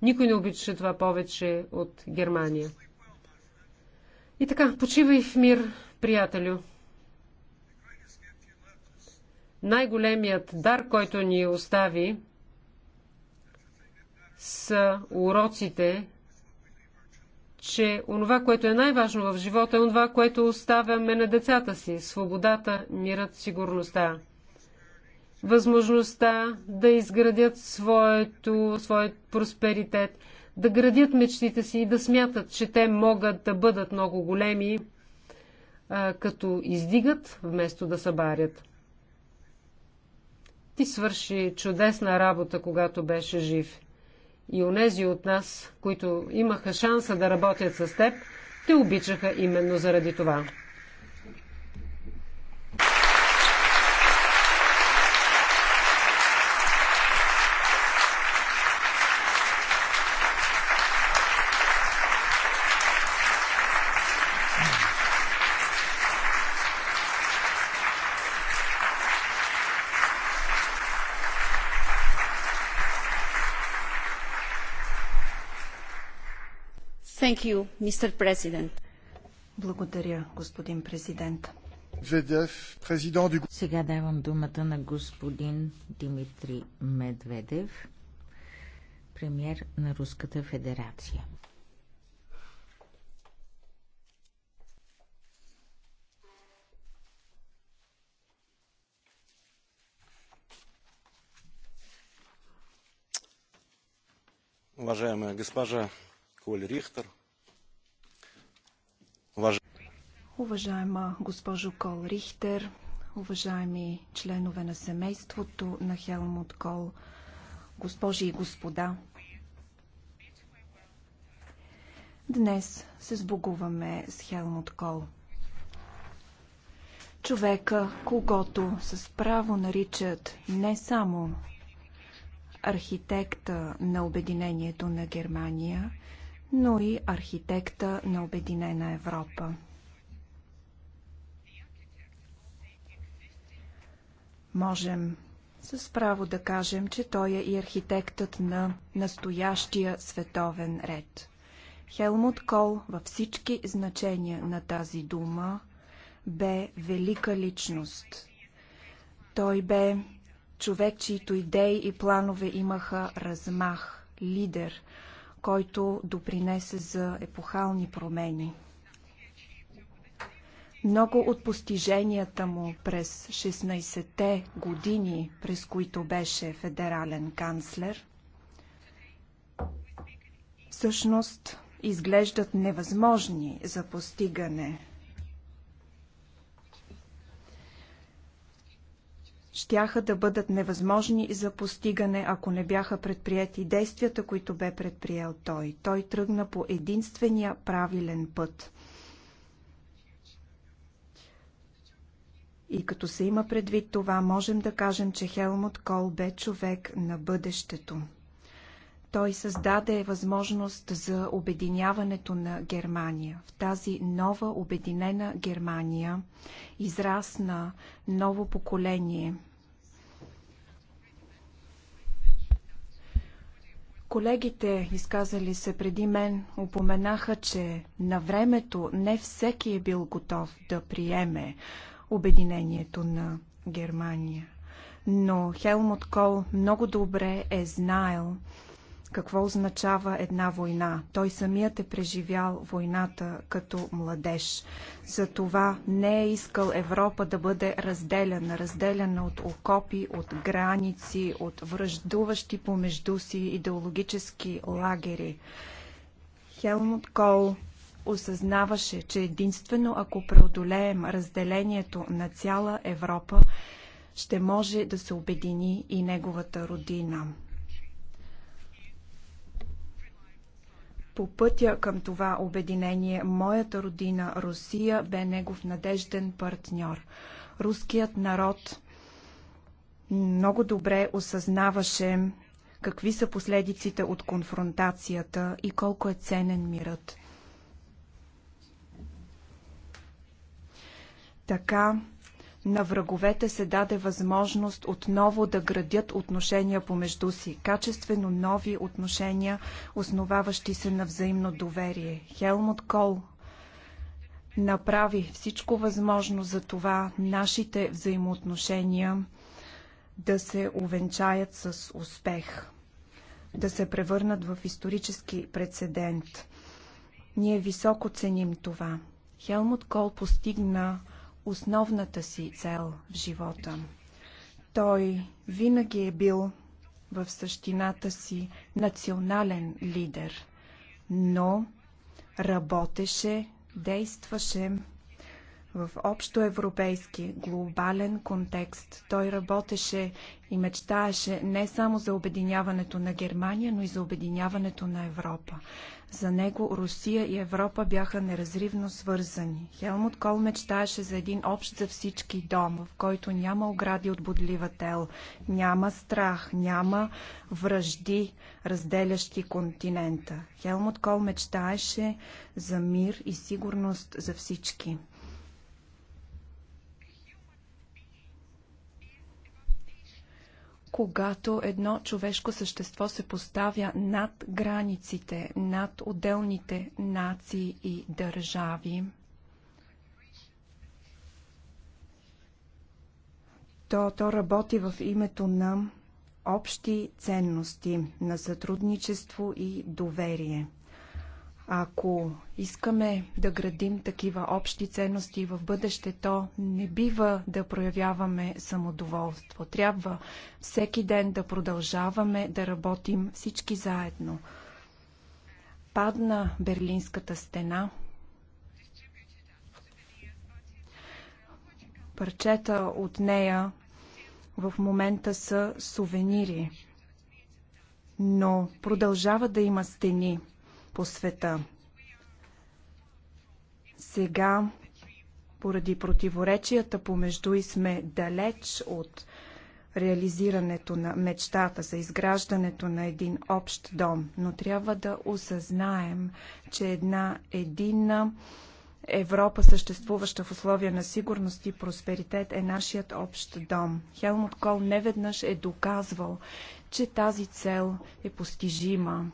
Никой не обичаше това повече от Германия. И така, почивай в мир, приятелю. Най-големият дар, който ни остави, са уроците, че онова, което е най-важно в живота, е онова, което оставяме на децата си – свободата, мирът, сигурността. Възможността да изградят своето, своят просперитет, да градят мечтите си и да смятат, че те могат да бъдат много големи, а, като издигат, вместо да събарят. Ти свърши чудесна работа, когато беше жив и онези от нас, които имаха шанса да работят с теб, те обичаха именно заради това. You, Благодаря, господин президент. Сега давам думата на господин Димитри Медведев, премьер на Руската федерация. Уважаема госпожа Холь Рихтер. Уваж... Уважаема госпожо Кол Рихтер, уважаеми членове на семейството на Хелмут Кол, госпожи и господа, Днес се сбогуваме с Хелмут Кол. Човека, когато с право наричат не само архитекта на Обединението на Германия, но и архитекта на Обединена Европа. Можем с право да кажем, че той е и архитектът на настоящия световен ред. Хелмут Кол във всички значения на тази дума бе велика личност. Той бе човек, чието идеи и планове имаха размах, лидер, който допринесе за епохални промени. Много от постиженията му през 16-те години, през които беше федерален канцлер, всъщност изглеждат невъзможни за постигане щяха да бъдат невъзможни за постигане, ако не бяха предприяти действията, които бе предприел той. Той тръгна по единствения правилен път. И като се има предвид това, можем да кажем, че Хелмут Кол бе човек на бъдещето. Той създаде възможност за обединяването на Германия. В тази нова обединена Германия израсна ново поколение. Колегите, изказали се преди мен, упоменаха, че на времето не всеки е бил готов да приеме обединението на Германия. Но Хелмут Кол много добре е знаел, какво означава една война. Той самият е преживял войната като младеж. Затова не е искал Европа да бъде разделена, разделена от окопи, от граници, от връждуващи помежду си идеологически лагери. Хелмут Кол осъзнаваше, че единствено ако преодолеем разделението на цяла Европа, ще може да се обедини и неговата родина. По пътя към това обединение, моята родина Русия бе негов надежден партньор. Руският народ много добре осъзнаваше какви са последиците от конфронтацията и колко е ценен мирът. Така на враговете се даде възможност отново да градят отношения помежду си. Качествено нови отношения, основаващи се на взаимно доверие. Хелмут Кол направи всичко възможно за това нашите взаимоотношения да се увенчаят с успех, да се превърнат в исторически прецедент. Ние високо ценим това. Хелмут Кол постигна основната си цел в живота. Той винаги е бил в същината си национален лидер, но работеше, действаше в общоевропейски, глобален контекст. Той работеше и мечтаеше не само за обединяването на Германия, но и за обединяването на Европа. За него Русия и Европа бяха неразривно свързани. Хелмут Кол мечтаеше за един общ за всички дом, в който няма огради от бодлива тел, няма страх, няма връжди, разделящи континента. Хелмут Кол мечтаеше за мир и сигурност за всички. когато едно човешко същество се поставя над границите, над отделните нации и държави, то то работи в името на общи ценности, на сътрудничество и доверие. Ако искаме да градим такива общи ценности в бъдеще, то не бива да проявяваме самодоволство. Трябва всеки ден да продължаваме да работим всички заедно. Падна Берлинската стена. Парчета от нея в момента са сувенири, но продължава да има стени – по света. Сега, поради противоречията помежду и сме далеч от реализирането на мечтата за изграждането на един общ дом, но трябва да осъзнаем, че една единна Европа, съществуваща в условия на сигурност и просперитет, е нашият общ дом. Хелмут Кол неведнъж е доказвал, че тази цел е постижима.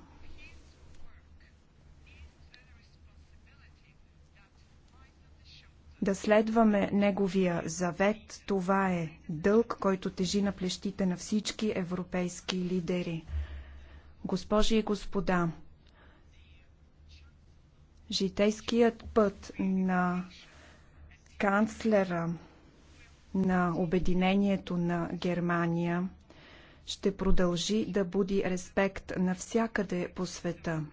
да следваме неговия завет. Това е дълг, който тежи на плещите на всички европейски лидери. Госпожи и господа, житейският път на канцлера на Обединението на Германия ще продължи да буди респект навсякъде по света.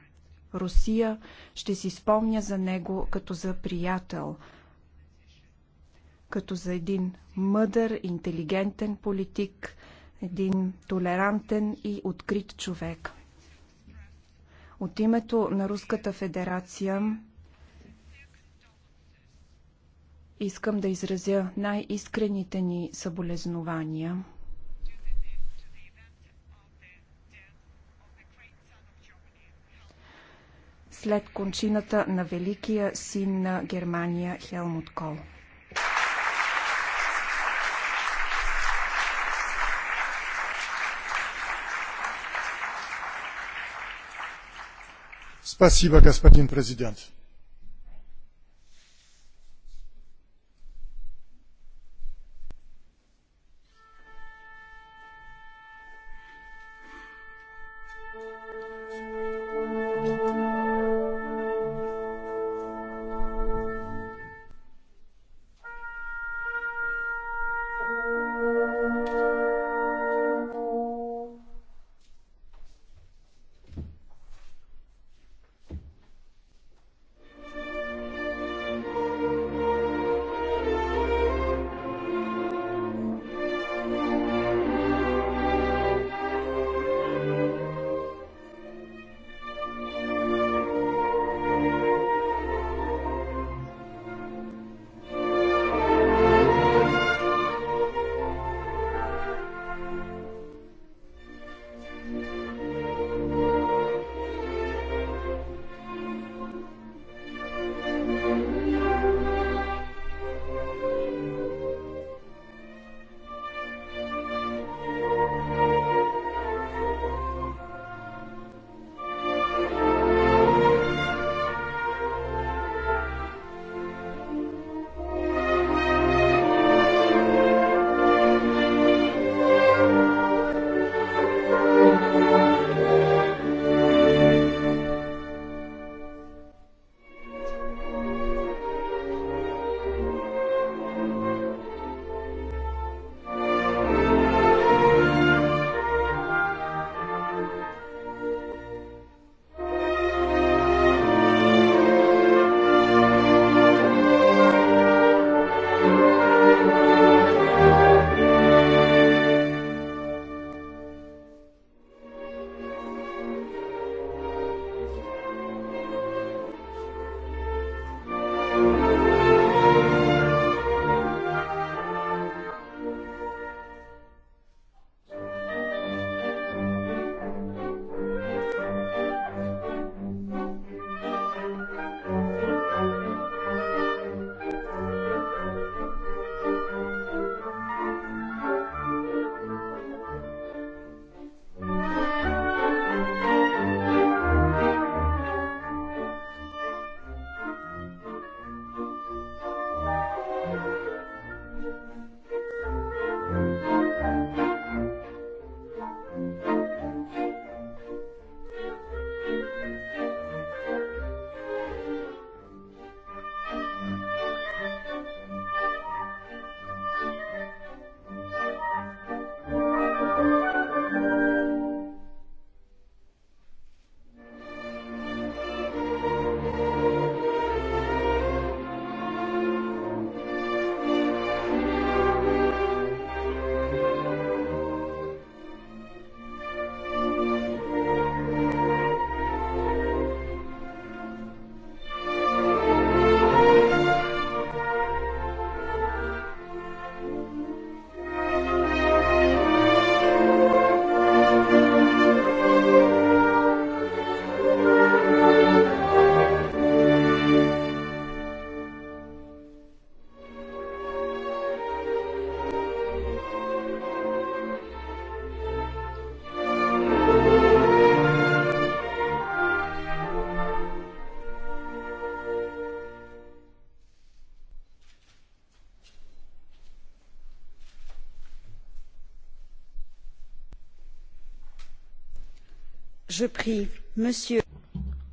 Русия ще си спомня за него като за приятел – като за един мъдър, интелигентен политик, един толерантен и открит човек. От името на Руската федерация искам да изразя най-искрените ни съболезнования след кончината на великия син на Германия Хелмут Кол. Спасибо, господин президент.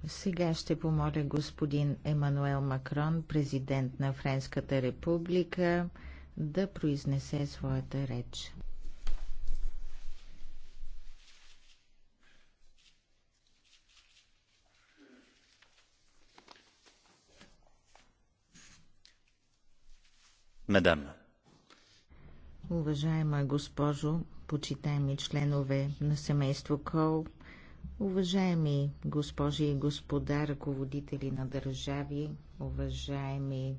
Сега ще помоля господин Емануел Макрон, президент на Френската република, да произнесе своята реч. Мадам. Уважаема госпожо, почитаеми членове на семейство Кол, Уважаеми госпожи и господа, ръководители на държави, уважаеми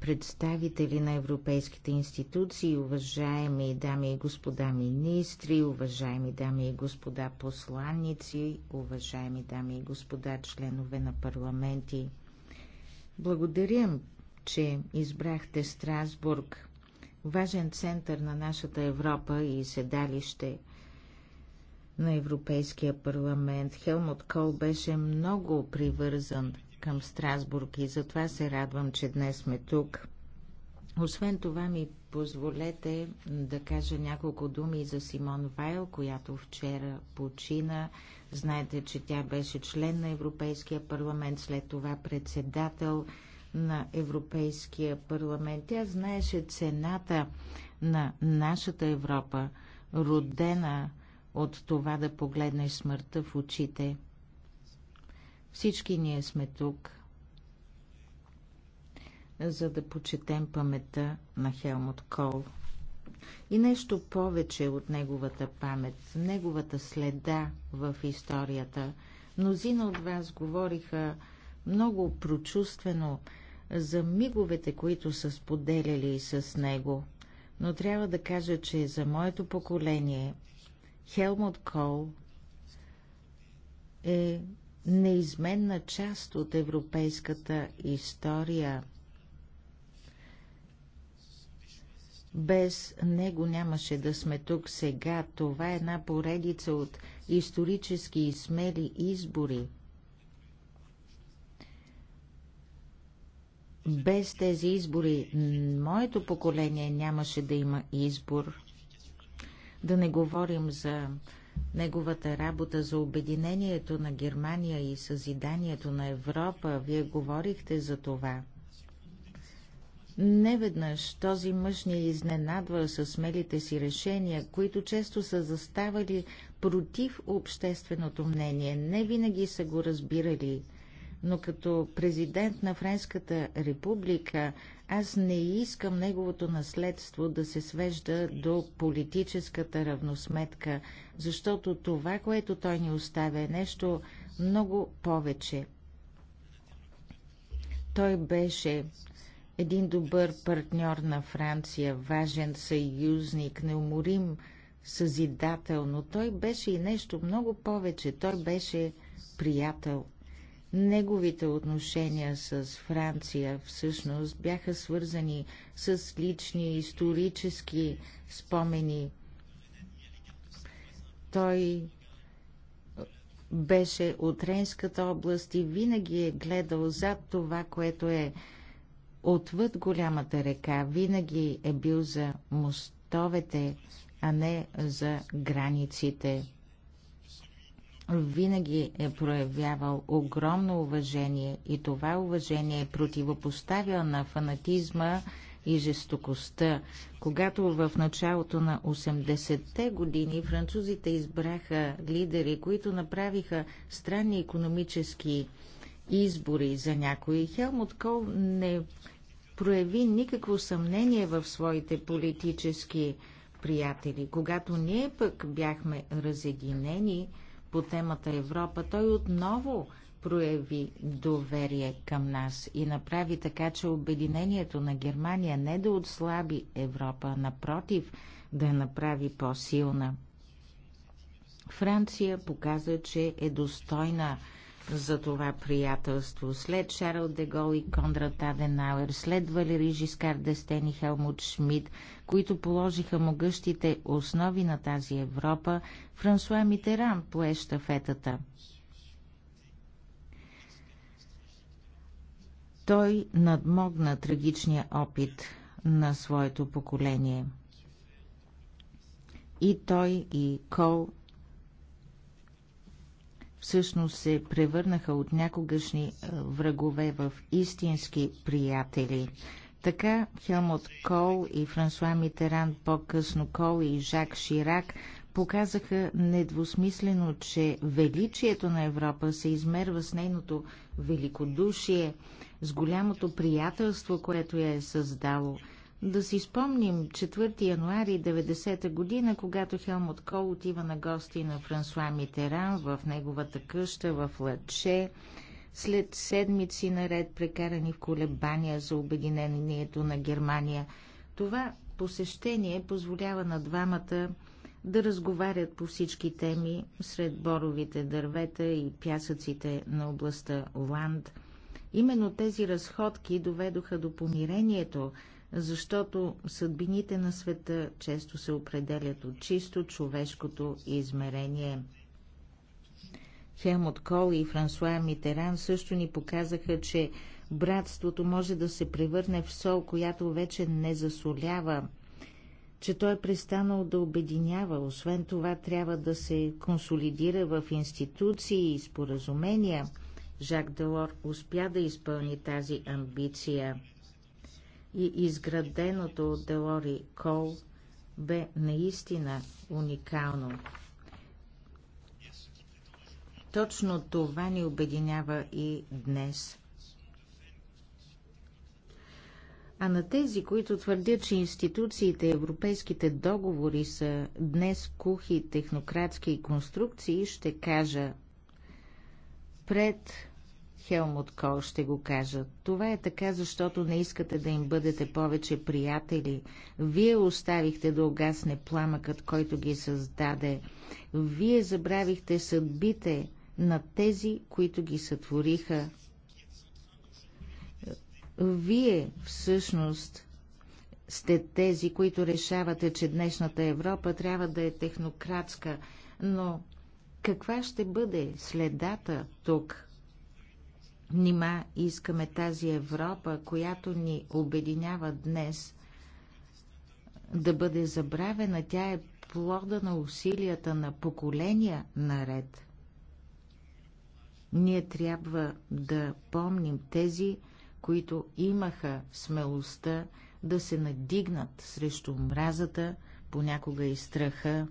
представители на европейските институции, уважаеми дами и господа министри, уважаеми дами и господа посланници, уважаеми дами и господа членове на парламенти. Благодаря, че избрахте Страсбург, важен център на нашата Европа и седалище на Европейския парламент. Хелмут Кол беше много привързан към Страсбург и затова се радвам, че днес сме тук. Освен това ми позволете да кажа няколко думи за Симон Вайл, която вчера почина. Знаете, че тя беше член на Европейския парламент, след това председател на Европейския парламент. Тя знаеше цената на нашата Европа, родена от това да погледнеш смъртта в очите. Всички ние сме тук, за да почетем паметта на Хелмут Кол. И нещо повече от неговата памет, неговата следа в историята. Мнозина от вас говориха много прочувствено за миговете, които са споделяли с него. Но трябва да кажа, че за моето поколение Хелмут Кол е неизменна част от европейската история. Без него нямаше да сме тук сега. Това е една поредица от исторически и смели избори. Без тези избори моето поколение нямаше да има избор. Да не говорим за неговата работа за обединението на Германия и съзиданието на Европа. Вие говорихте за това. Неведнъж този мъж ни е изненадвал със смелите си решения, които често са заставали против общественото мнение. Не винаги са го разбирали но като президент на Френската република аз не искам неговото наследство да се свежда до политическата равносметка, защото това, което той ни оставя е нещо много повече. Той беше един добър партньор на Франция, важен съюзник, неуморим съзидател, но той беше и нещо много повече. Той беше приятел – Неговите отношения с Франция всъщност бяха свързани с лични исторически спомени. Той беше от Ренската област и винаги е гледал зад това, което е отвъд голямата река. Винаги е бил за мостовете, а не за границите винаги е проявявал огромно уважение и това уважение е противопоставял на фанатизма и жестокостта. Когато в началото на 80-те години французите избраха лидери, които направиха странни економически избори за някои, Хелмут Кол не прояви никакво съмнение в своите политически приятели. Когато ние пък бяхме разединени, по темата Европа, той отново прояви доверие към нас и направи така, че обединението на Германия не да отслаби Европа, напротив, да я направи по-силна. Франция показа, че е достойна за това приятелство. След Шарл Дегол и Кондрат Аденауер, след Валери Жискар Дестен и Хелмут Шмидт, които положиха могъщите основи на тази Европа, Франсуа Митеран пое щафетата. Той надмогна трагичния опит на своето поколение. И той, и Кол всъщност се превърнаха от някогашни врагове в истински приятели. Така Хелмут Кол и Франсуа Митеран, по-късно Кол и Жак Ширак показаха недвусмислено, че величието на Европа се измерва с нейното великодушие, с голямото приятелство, което я е създало – да си спомним 4 януари 90-та година, когато Хелмут Кол отива на гости на Франсуа Митеран в неговата къща в Лъче, след седмици наред прекарани в колебания за обединението на Германия. Това посещение позволява на двамата да разговарят по всички теми сред боровите дървета и пясъците на областта Ланд. Именно тези разходки доведоха до помирението, защото съдбините на света често се определят от чисто човешкото измерение. Хелмут Кол и Франсуа Митеран също ни показаха, че братството може да се превърне в сол, която вече не засолява, че той е престанал да обединява. Освен това, трябва да се консолидира в институции и споразумения. Жак Делор успя да изпълни тази амбиция и изграденото от Делори Кол бе наистина уникално. Точно това ни обединява и днес. А на тези, които твърдят, че институциите, европейските договори са днес кухи технократски конструкции, ще кажа пред Хелмут Кол ще го кажа. Това е така, защото не искате да им бъдете повече приятели. Вие оставихте да огасне пламъкът, който ги създаде. Вие забравихте съдбите на тези, които ги сътвориха. Вие всъщност сте тези, които решавате, че днешната Европа трябва да е технократска, но каква ще бъде следата тук? Нима искаме тази Европа, която ни обединява днес, да бъде забравена. Тя е плода на усилията на поколения наред. Ние трябва да помним тези, които имаха смелостта да се надигнат срещу мразата, понякога и страха.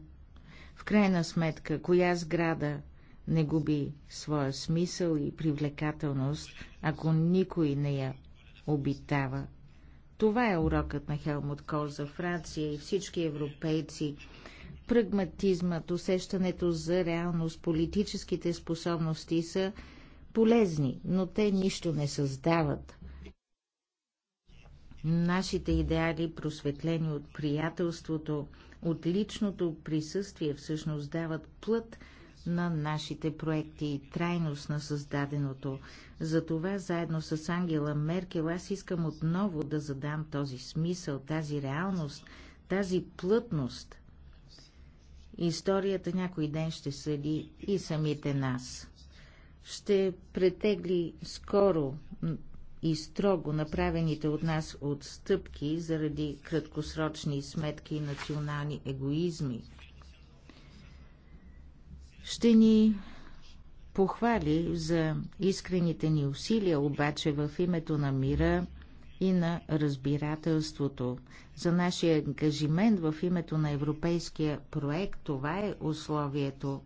В крайна сметка, коя сграда не губи своя смисъл и привлекателност, ако никой не я обитава. Това е урокът на Хелмут Кол за Франция и всички европейци. Прагматизмът, усещането за реалност, политическите способности са полезни, но те нищо не създават. Нашите идеали, просветлени от приятелството, от личното присъствие, всъщност дават плът – на нашите проекти и трайност на създаденото. Затова заедно с Ангела Меркел аз искам отново да задам този смисъл, тази реалност, тази плътност. Историята някой ден ще съди и самите нас. Ще претегли скоро и строго направените от нас отстъпки заради краткосрочни сметки и национални егоизми – ще ни похвали за искрените ни усилия, обаче в името на мира и на разбирателството. За нашия ангажимент в името на европейския проект това е условието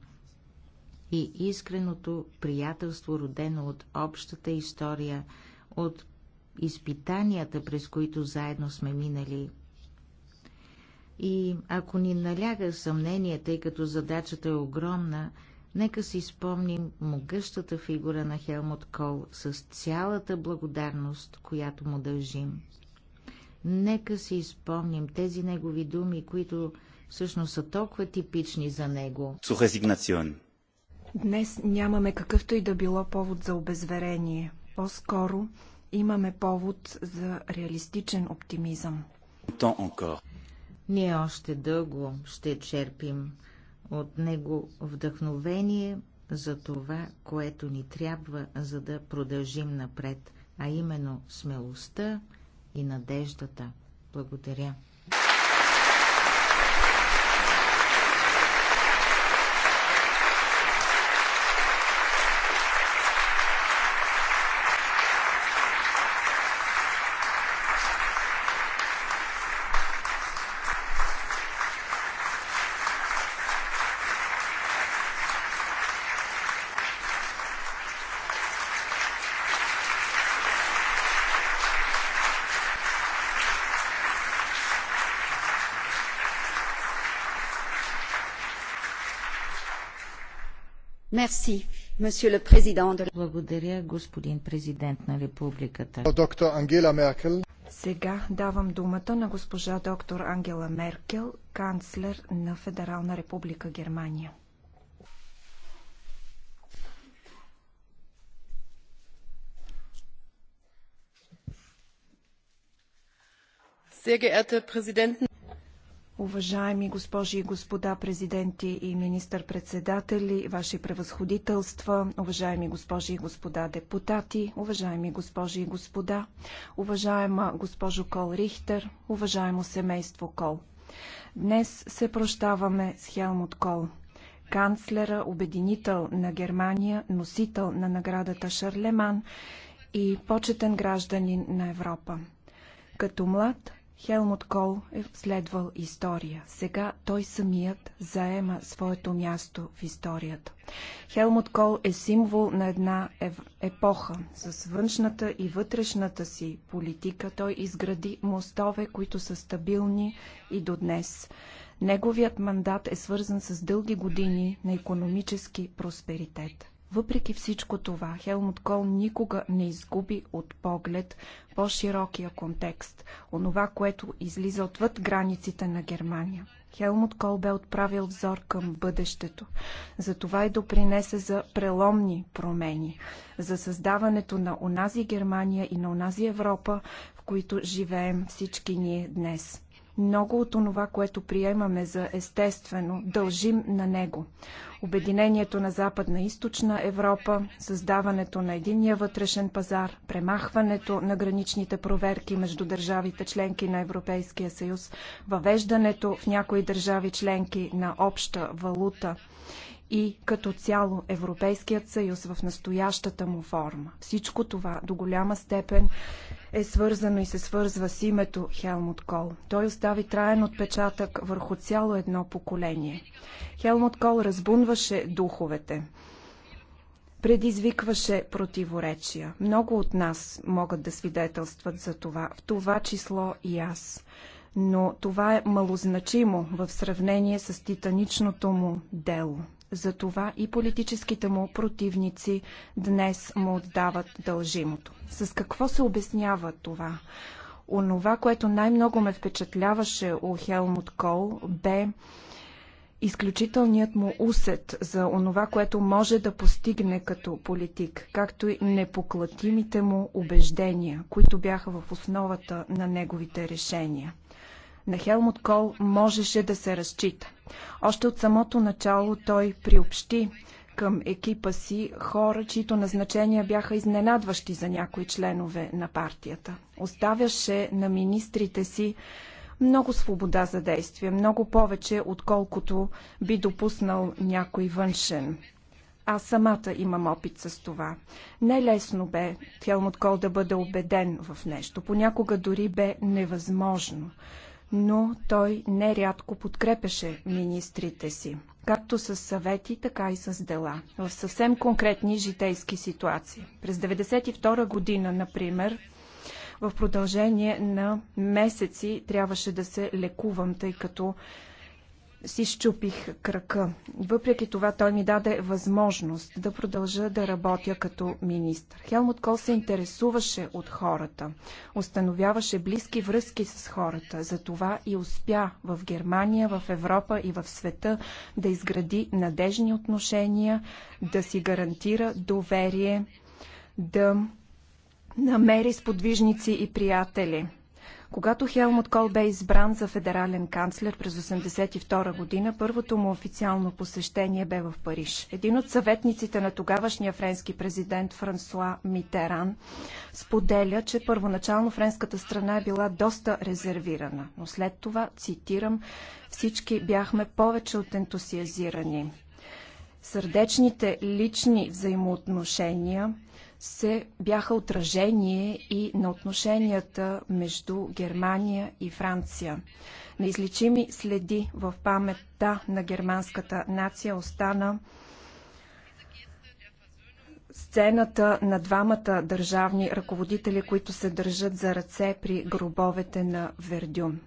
и искреното приятелство, родено от общата история, от изпитанията, през които заедно сме минали – и ако ни наляга съмнение, тъй като задачата е огромна, нека си спомним могъщата фигура на Хелмут Кол с цялата благодарност, която му дължим. Нека си спомним тези негови думи, които всъщност са толкова типични за него. Днес нямаме какъвто и да било повод за обезверение. По-скоро имаме повод за реалистичен оптимизъм. Ние още дълго ще черпим от него вдъхновение за това, което ни трябва, за да продължим напред, а именно смелостта и надеждата. Благодаря. Merci, monsieur le président. Благодаря, господин президент на републиката. Доктор Ангела Меркел. Сега давам думата на госпожа доктор Ангела Меркел, канцлер на Федерална република Германия. Sehr geehrte Präsidenten! Уважаеми госпожи и господа президенти и министър-председатели, ваши превъзходителства, уважаеми госпожи и господа депутати, уважаеми госпожи и господа, уважаема госпожо Кол Рихтер, уважаемо семейство Кол. Днес се прощаваме с Хелмут Кол, канцлера, обединител на Германия, носител на наградата Шарлеман и почетен гражданин на Европа. Като млад, Хелмут Кол е следвал история. Сега той самият заема своето място в историята. Хелмут Кол е символ на една епоха. С външната и вътрешната си политика той изгради мостове, които са стабилни и до днес. Неговият мандат е свързан с дълги години на економически просперитет. Въпреки всичко това, Хелмут Кол никога не изгуби от поглед по-широкия контекст, онова, което излиза отвъд границите на Германия. Хелмут Кол бе отправил взор към бъдещето. Затова и допринесе за преломни промени, за създаването на онази Германия и на онази Европа, в които живеем всички ние днес. Много от онова, което приемаме за естествено, дължим на него. Обединението на Западна и Източна Европа, създаването на единния вътрешен пазар, премахването на граничните проверки между държавите членки на Европейския съюз, въвеждането в някои държави членки на обща валута – и като цяло Европейският съюз в настоящата му форма. Всичко това до голяма степен е свързано и се свързва с името Хелмут Кол. Той остави траен отпечатък върху цяло едно поколение. Хелмут Кол разбунваше духовете предизвикваше противоречия. Много от нас могат да свидетелстват за това, в това число и аз. Но това е малозначимо в сравнение с титаничното му дело. Затова и политическите му противници днес му отдават дължимото. С какво се обяснява това? Онова, което най-много ме впечатляваше у Хелмут Кол, бе изключителният му усет за онова, което може да постигне като политик, както и непоклатимите му убеждения, които бяха в основата на неговите решения. На Хелмут Кол можеше да се разчита. Още от самото начало той приобщи към екипа си хора, чието назначения бяха изненадващи за някои членове на партията. Оставяше на министрите си много свобода за действие, много повече, отколкото би допуснал някой външен. Аз самата имам опит с това. Нелесно бе Хелмут Кол да бъде убеден в нещо. Понякога дори бе невъзможно но той нерядко подкрепеше министрите си, както с съвети, така и с дела, в съвсем конкретни житейски ситуации. През 1992 година, например, в продължение на месеци трябваше да се лекувам, тъй като си щупих крака. Въпреки това той ми даде възможност да продължа да работя като министр. Хелмут Кол се интересуваше от хората, установяваше близки връзки с хората, затова и успя в Германия, в Европа и в света да изгради надежни отношения, да си гарантира доверие, да намери сподвижници и приятели – когато Хелмут Кол бе избран за федерален канцлер през 1982 година, първото му официално посещение бе в Париж. Един от съветниците на тогавашния френски президент Франсуа Митеран споделя, че първоначално френската страна е била доста резервирана, но след това, цитирам, всички бяхме повече от ентусиазирани. Сърдечните лични взаимоотношения – се бяха отражение и на отношенията между Германия и Франция. Неизличими следи в паметта на германската нация остана сцената на двамата държавни ръководители, които се държат за ръце при гробовете на Вердюн.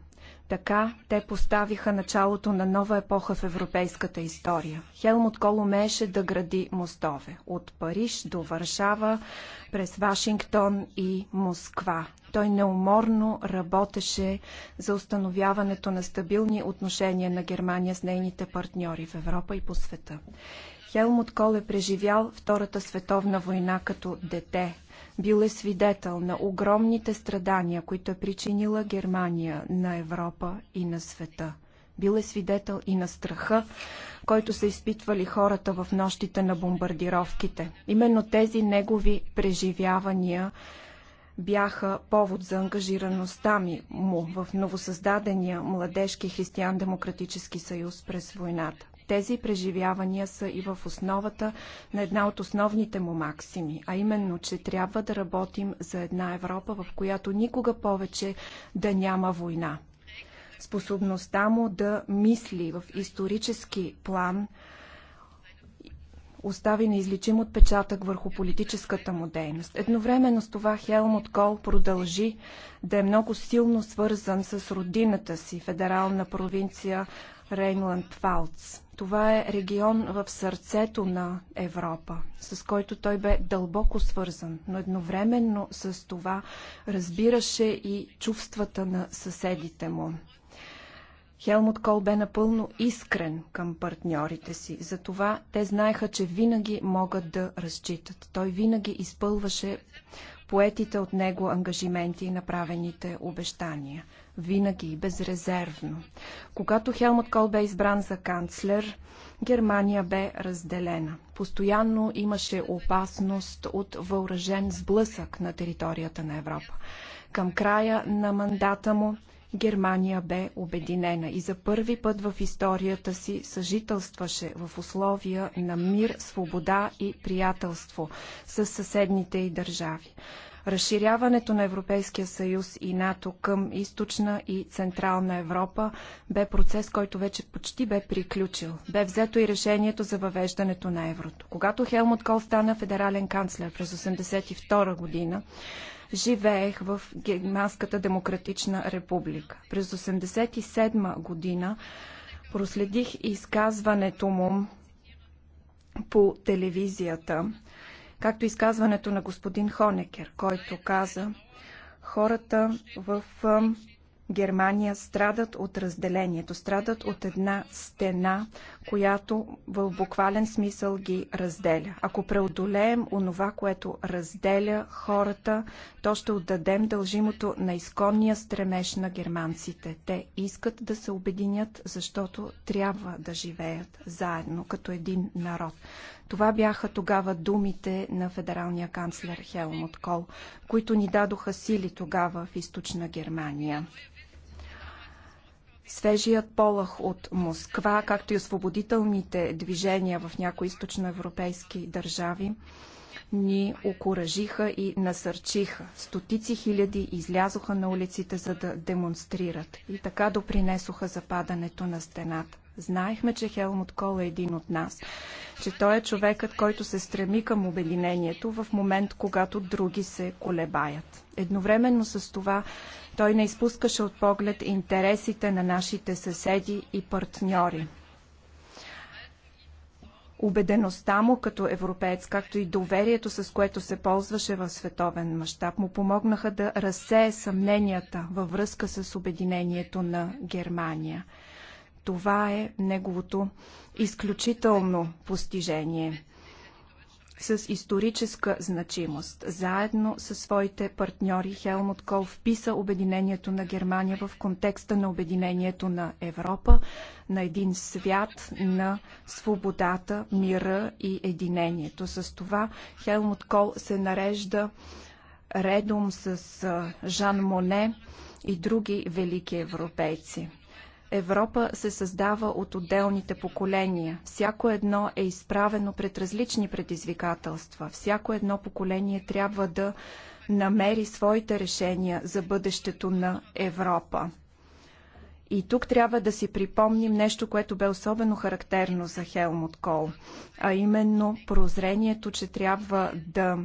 Така те поставиха началото на нова епоха в европейската история. Хелмут Кол умееше да гради мостове от Париж до Варшава, през Вашингтон и Москва. Той неуморно работеше за установяването на стабилни отношения на Германия с нейните партньори в Европа и по света. Хелмут Кол е преживял Втората световна война като дете бил е свидетел на огромните страдания, които е причинила Германия на Европа и на света. Бил е свидетел и на страха, който са изпитвали хората в нощите на бомбардировките. Именно тези негови преживявания бяха повод за ангажираността ми му в новосъздадения Младежки християн-демократически съюз през войната. Тези преживявания са и в основата на една от основните му максими, а именно, че трябва да работим за една Европа, в която никога повече да няма война. Способността му да мисли в исторически план остави неизличим отпечатък върху политическата му дейност. Едновременно с това Хелмут Кол продължи да е много силно свързан с родината си, федерална провинция Рейнланд Фалц. Това е регион в сърцето на Европа, с който той бе дълбоко свързан, но едновременно с това разбираше и чувствата на съседите му. Хелмут Кол бе напълно искрен към партньорите си. Затова те знаеха, че винаги могат да разчитат. Той винаги изпълваше поетите от него ангажименти и направените обещания винаги и безрезервно. Когато Хелмут Кол бе избран за канцлер, Германия бе разделена. Постоянно имаше опасност от въоръжен сблъсък на територията на Европа. Към края на мандата му Германия бе обединена и за първи път в историята си съжителстваше в условия на мир, свобода и приятелство с съседните й държави. Разширяването на Европейския съюз и НАТО към източна и централна Европа бе процес, който вече почти бе приключил. Бе взето и решението за въвеждането на еврото. Когато Хелмут Кол стана федерален канцлер през 1982 година, живеех в Германската демократична република. През 1987 година проследих изказването му по телевизията както изказването на господин Хонекер, който каза, хората в Германия страдат от разделението, страдат от една стена, която в буквален смисъл ги разделя. Ако преодолеем онова, което разделя хората, то ще отдадем дължимото на изконния стремеж на германците. Те искат да се обединят, защото трябва да живеят заедно като един народ. Това бяха тогава думите на федералния канцлер Хелмут Кол, които ни дадоха сили тогава в източна Германия. Свежият полах от Москва, както и освободителните движения в някои източноевропейски държави, ни окоръжиха и насърчиха. Стотици хиляди излязоха на улиците, за да демонстрират и така допринесоха за падането на стената. Знаехме, че Хелмут Кол е един от нас, че той е човекът, който се стреми към обединението в момент, когато други се колебаят. Едновременно с това той не изпускаше от поглед интересите на нашите съседи и партньори. Убедеността му като европеец, както и доверието, с което се ползваше в световен мащаб, му помогнаха да разсее съмненията във връзка с обединението на Германия – това е неговото изключително постижение с историческа значимост. Заедно със своите партньори Хелмут Кол вписа обединението на Германия в контекста на обединението на Европа, на един свят на свободата, мира и единението. С това Хелмут Кол се нарежда редом с Жан Моне и други велики европейци. Европа се създава от отделните поколения. Всяко едно е изправено пред различни предизвикателства. Всяко едно поколение трябва да намери своите решения за бъдещето на Европа. И тук трябва да си припомним нещо, което бе особено характерно за Хелмут Кол, а именно прозрението, че трябва да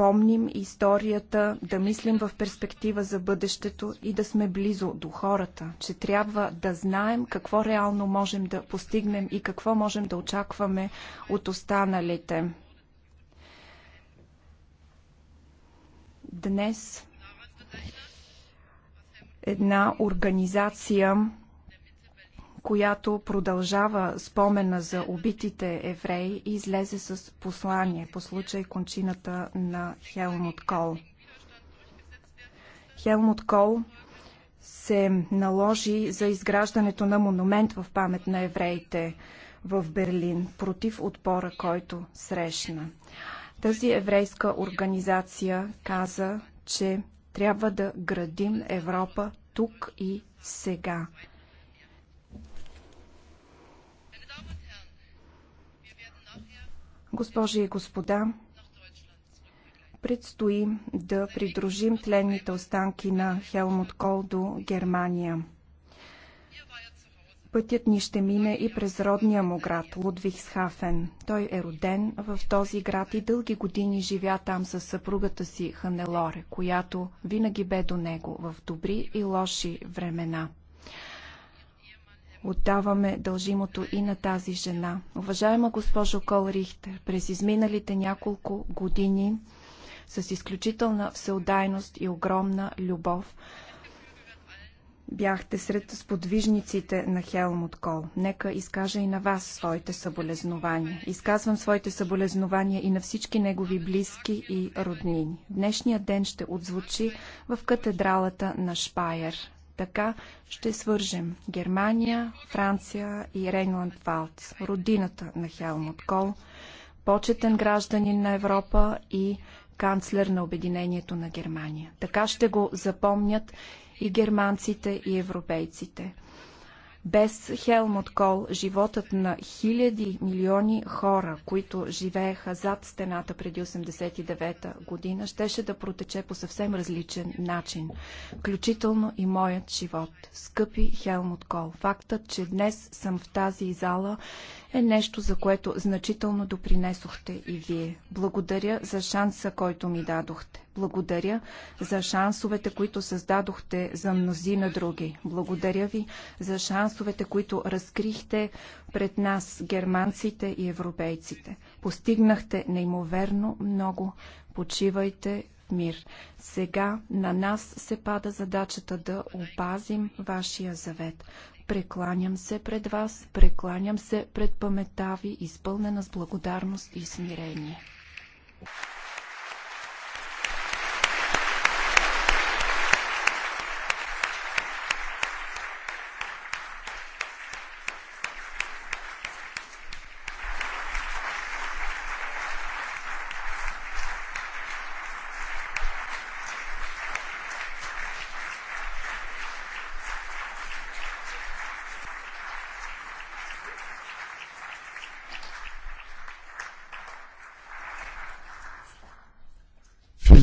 помним историята, да мислим в перспектива за бъдещето и да сме близо до хората, че трябва да знаем какво реално можем да постигнем и какво можем да очакваме от останалите. Днес една организация която продължава спомена за убитите евреи и излезе с послание по случай кончината на Хелмут Кол. Хелмут Кол се наложи за изграждането на монумент в памет на евреите в Берлин против отпора, който срещна. Тази еврейска организация каза, че трябва да градим Европа тук и сега. Госпожи и господа, предстои да придружим тленните останки на Хелмут Кол до Германия. Пътят ни ще мине и през родния му град, Лудвихсхафен. Той е роден в този град и дълги години живя там със съпругата си Ханелоре, която винаги бе до него в добри и лоши времена. Отдаваме дължимото и на тази жена. Уважаема госпожо Кол Рихтер, през изминалите няколко години с изключителна всеодайност и огромна любов бяхте сред сподвижниците на Хелмут Кол. Нека изкажа и на вас своите съболезнования. Изказвам своите съболезнования и на всички негови близки и роднини. Днешния ден ще отзвучи в катедралата на Шпайер. Така ще свържем Германия, Франция и Рейнланд Валц, родината на Хелмут Кол, почетен гражданин на Европа и канцлер на Обединението на Германия. Така ще го запомнят и германците, и европейците. Без Хелмут Кол животът на хиляди милиони хора, които живееха зад стената преди 89-та година, щеше да протече по съвсем различен начин, включително и моят живот. Скъпи Хелмут Кол, фактът, че днес съм в тази зала е нещо, за което значително допринесохте и вие. Благодаря за шанса, който ми дадохте. Благодаря за шансовете, които създадохте за мнозина други. Благодаря ви за шансовете, които разкрихте пред нас, германците и европейците. Постигнахте неимоверно много. Почивайте в мир. Сега на нас се пада задачата да опазим вашия завет. Прекланям се пред вас, прекланям се пред памета ви, изпълнена с благодарност и смирение.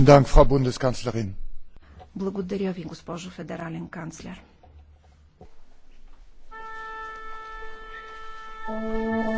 Dank, Frau Bundeskanzlerin. Благодаря ви, госпожо федерален канцлер. Thank you.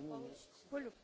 почему нет?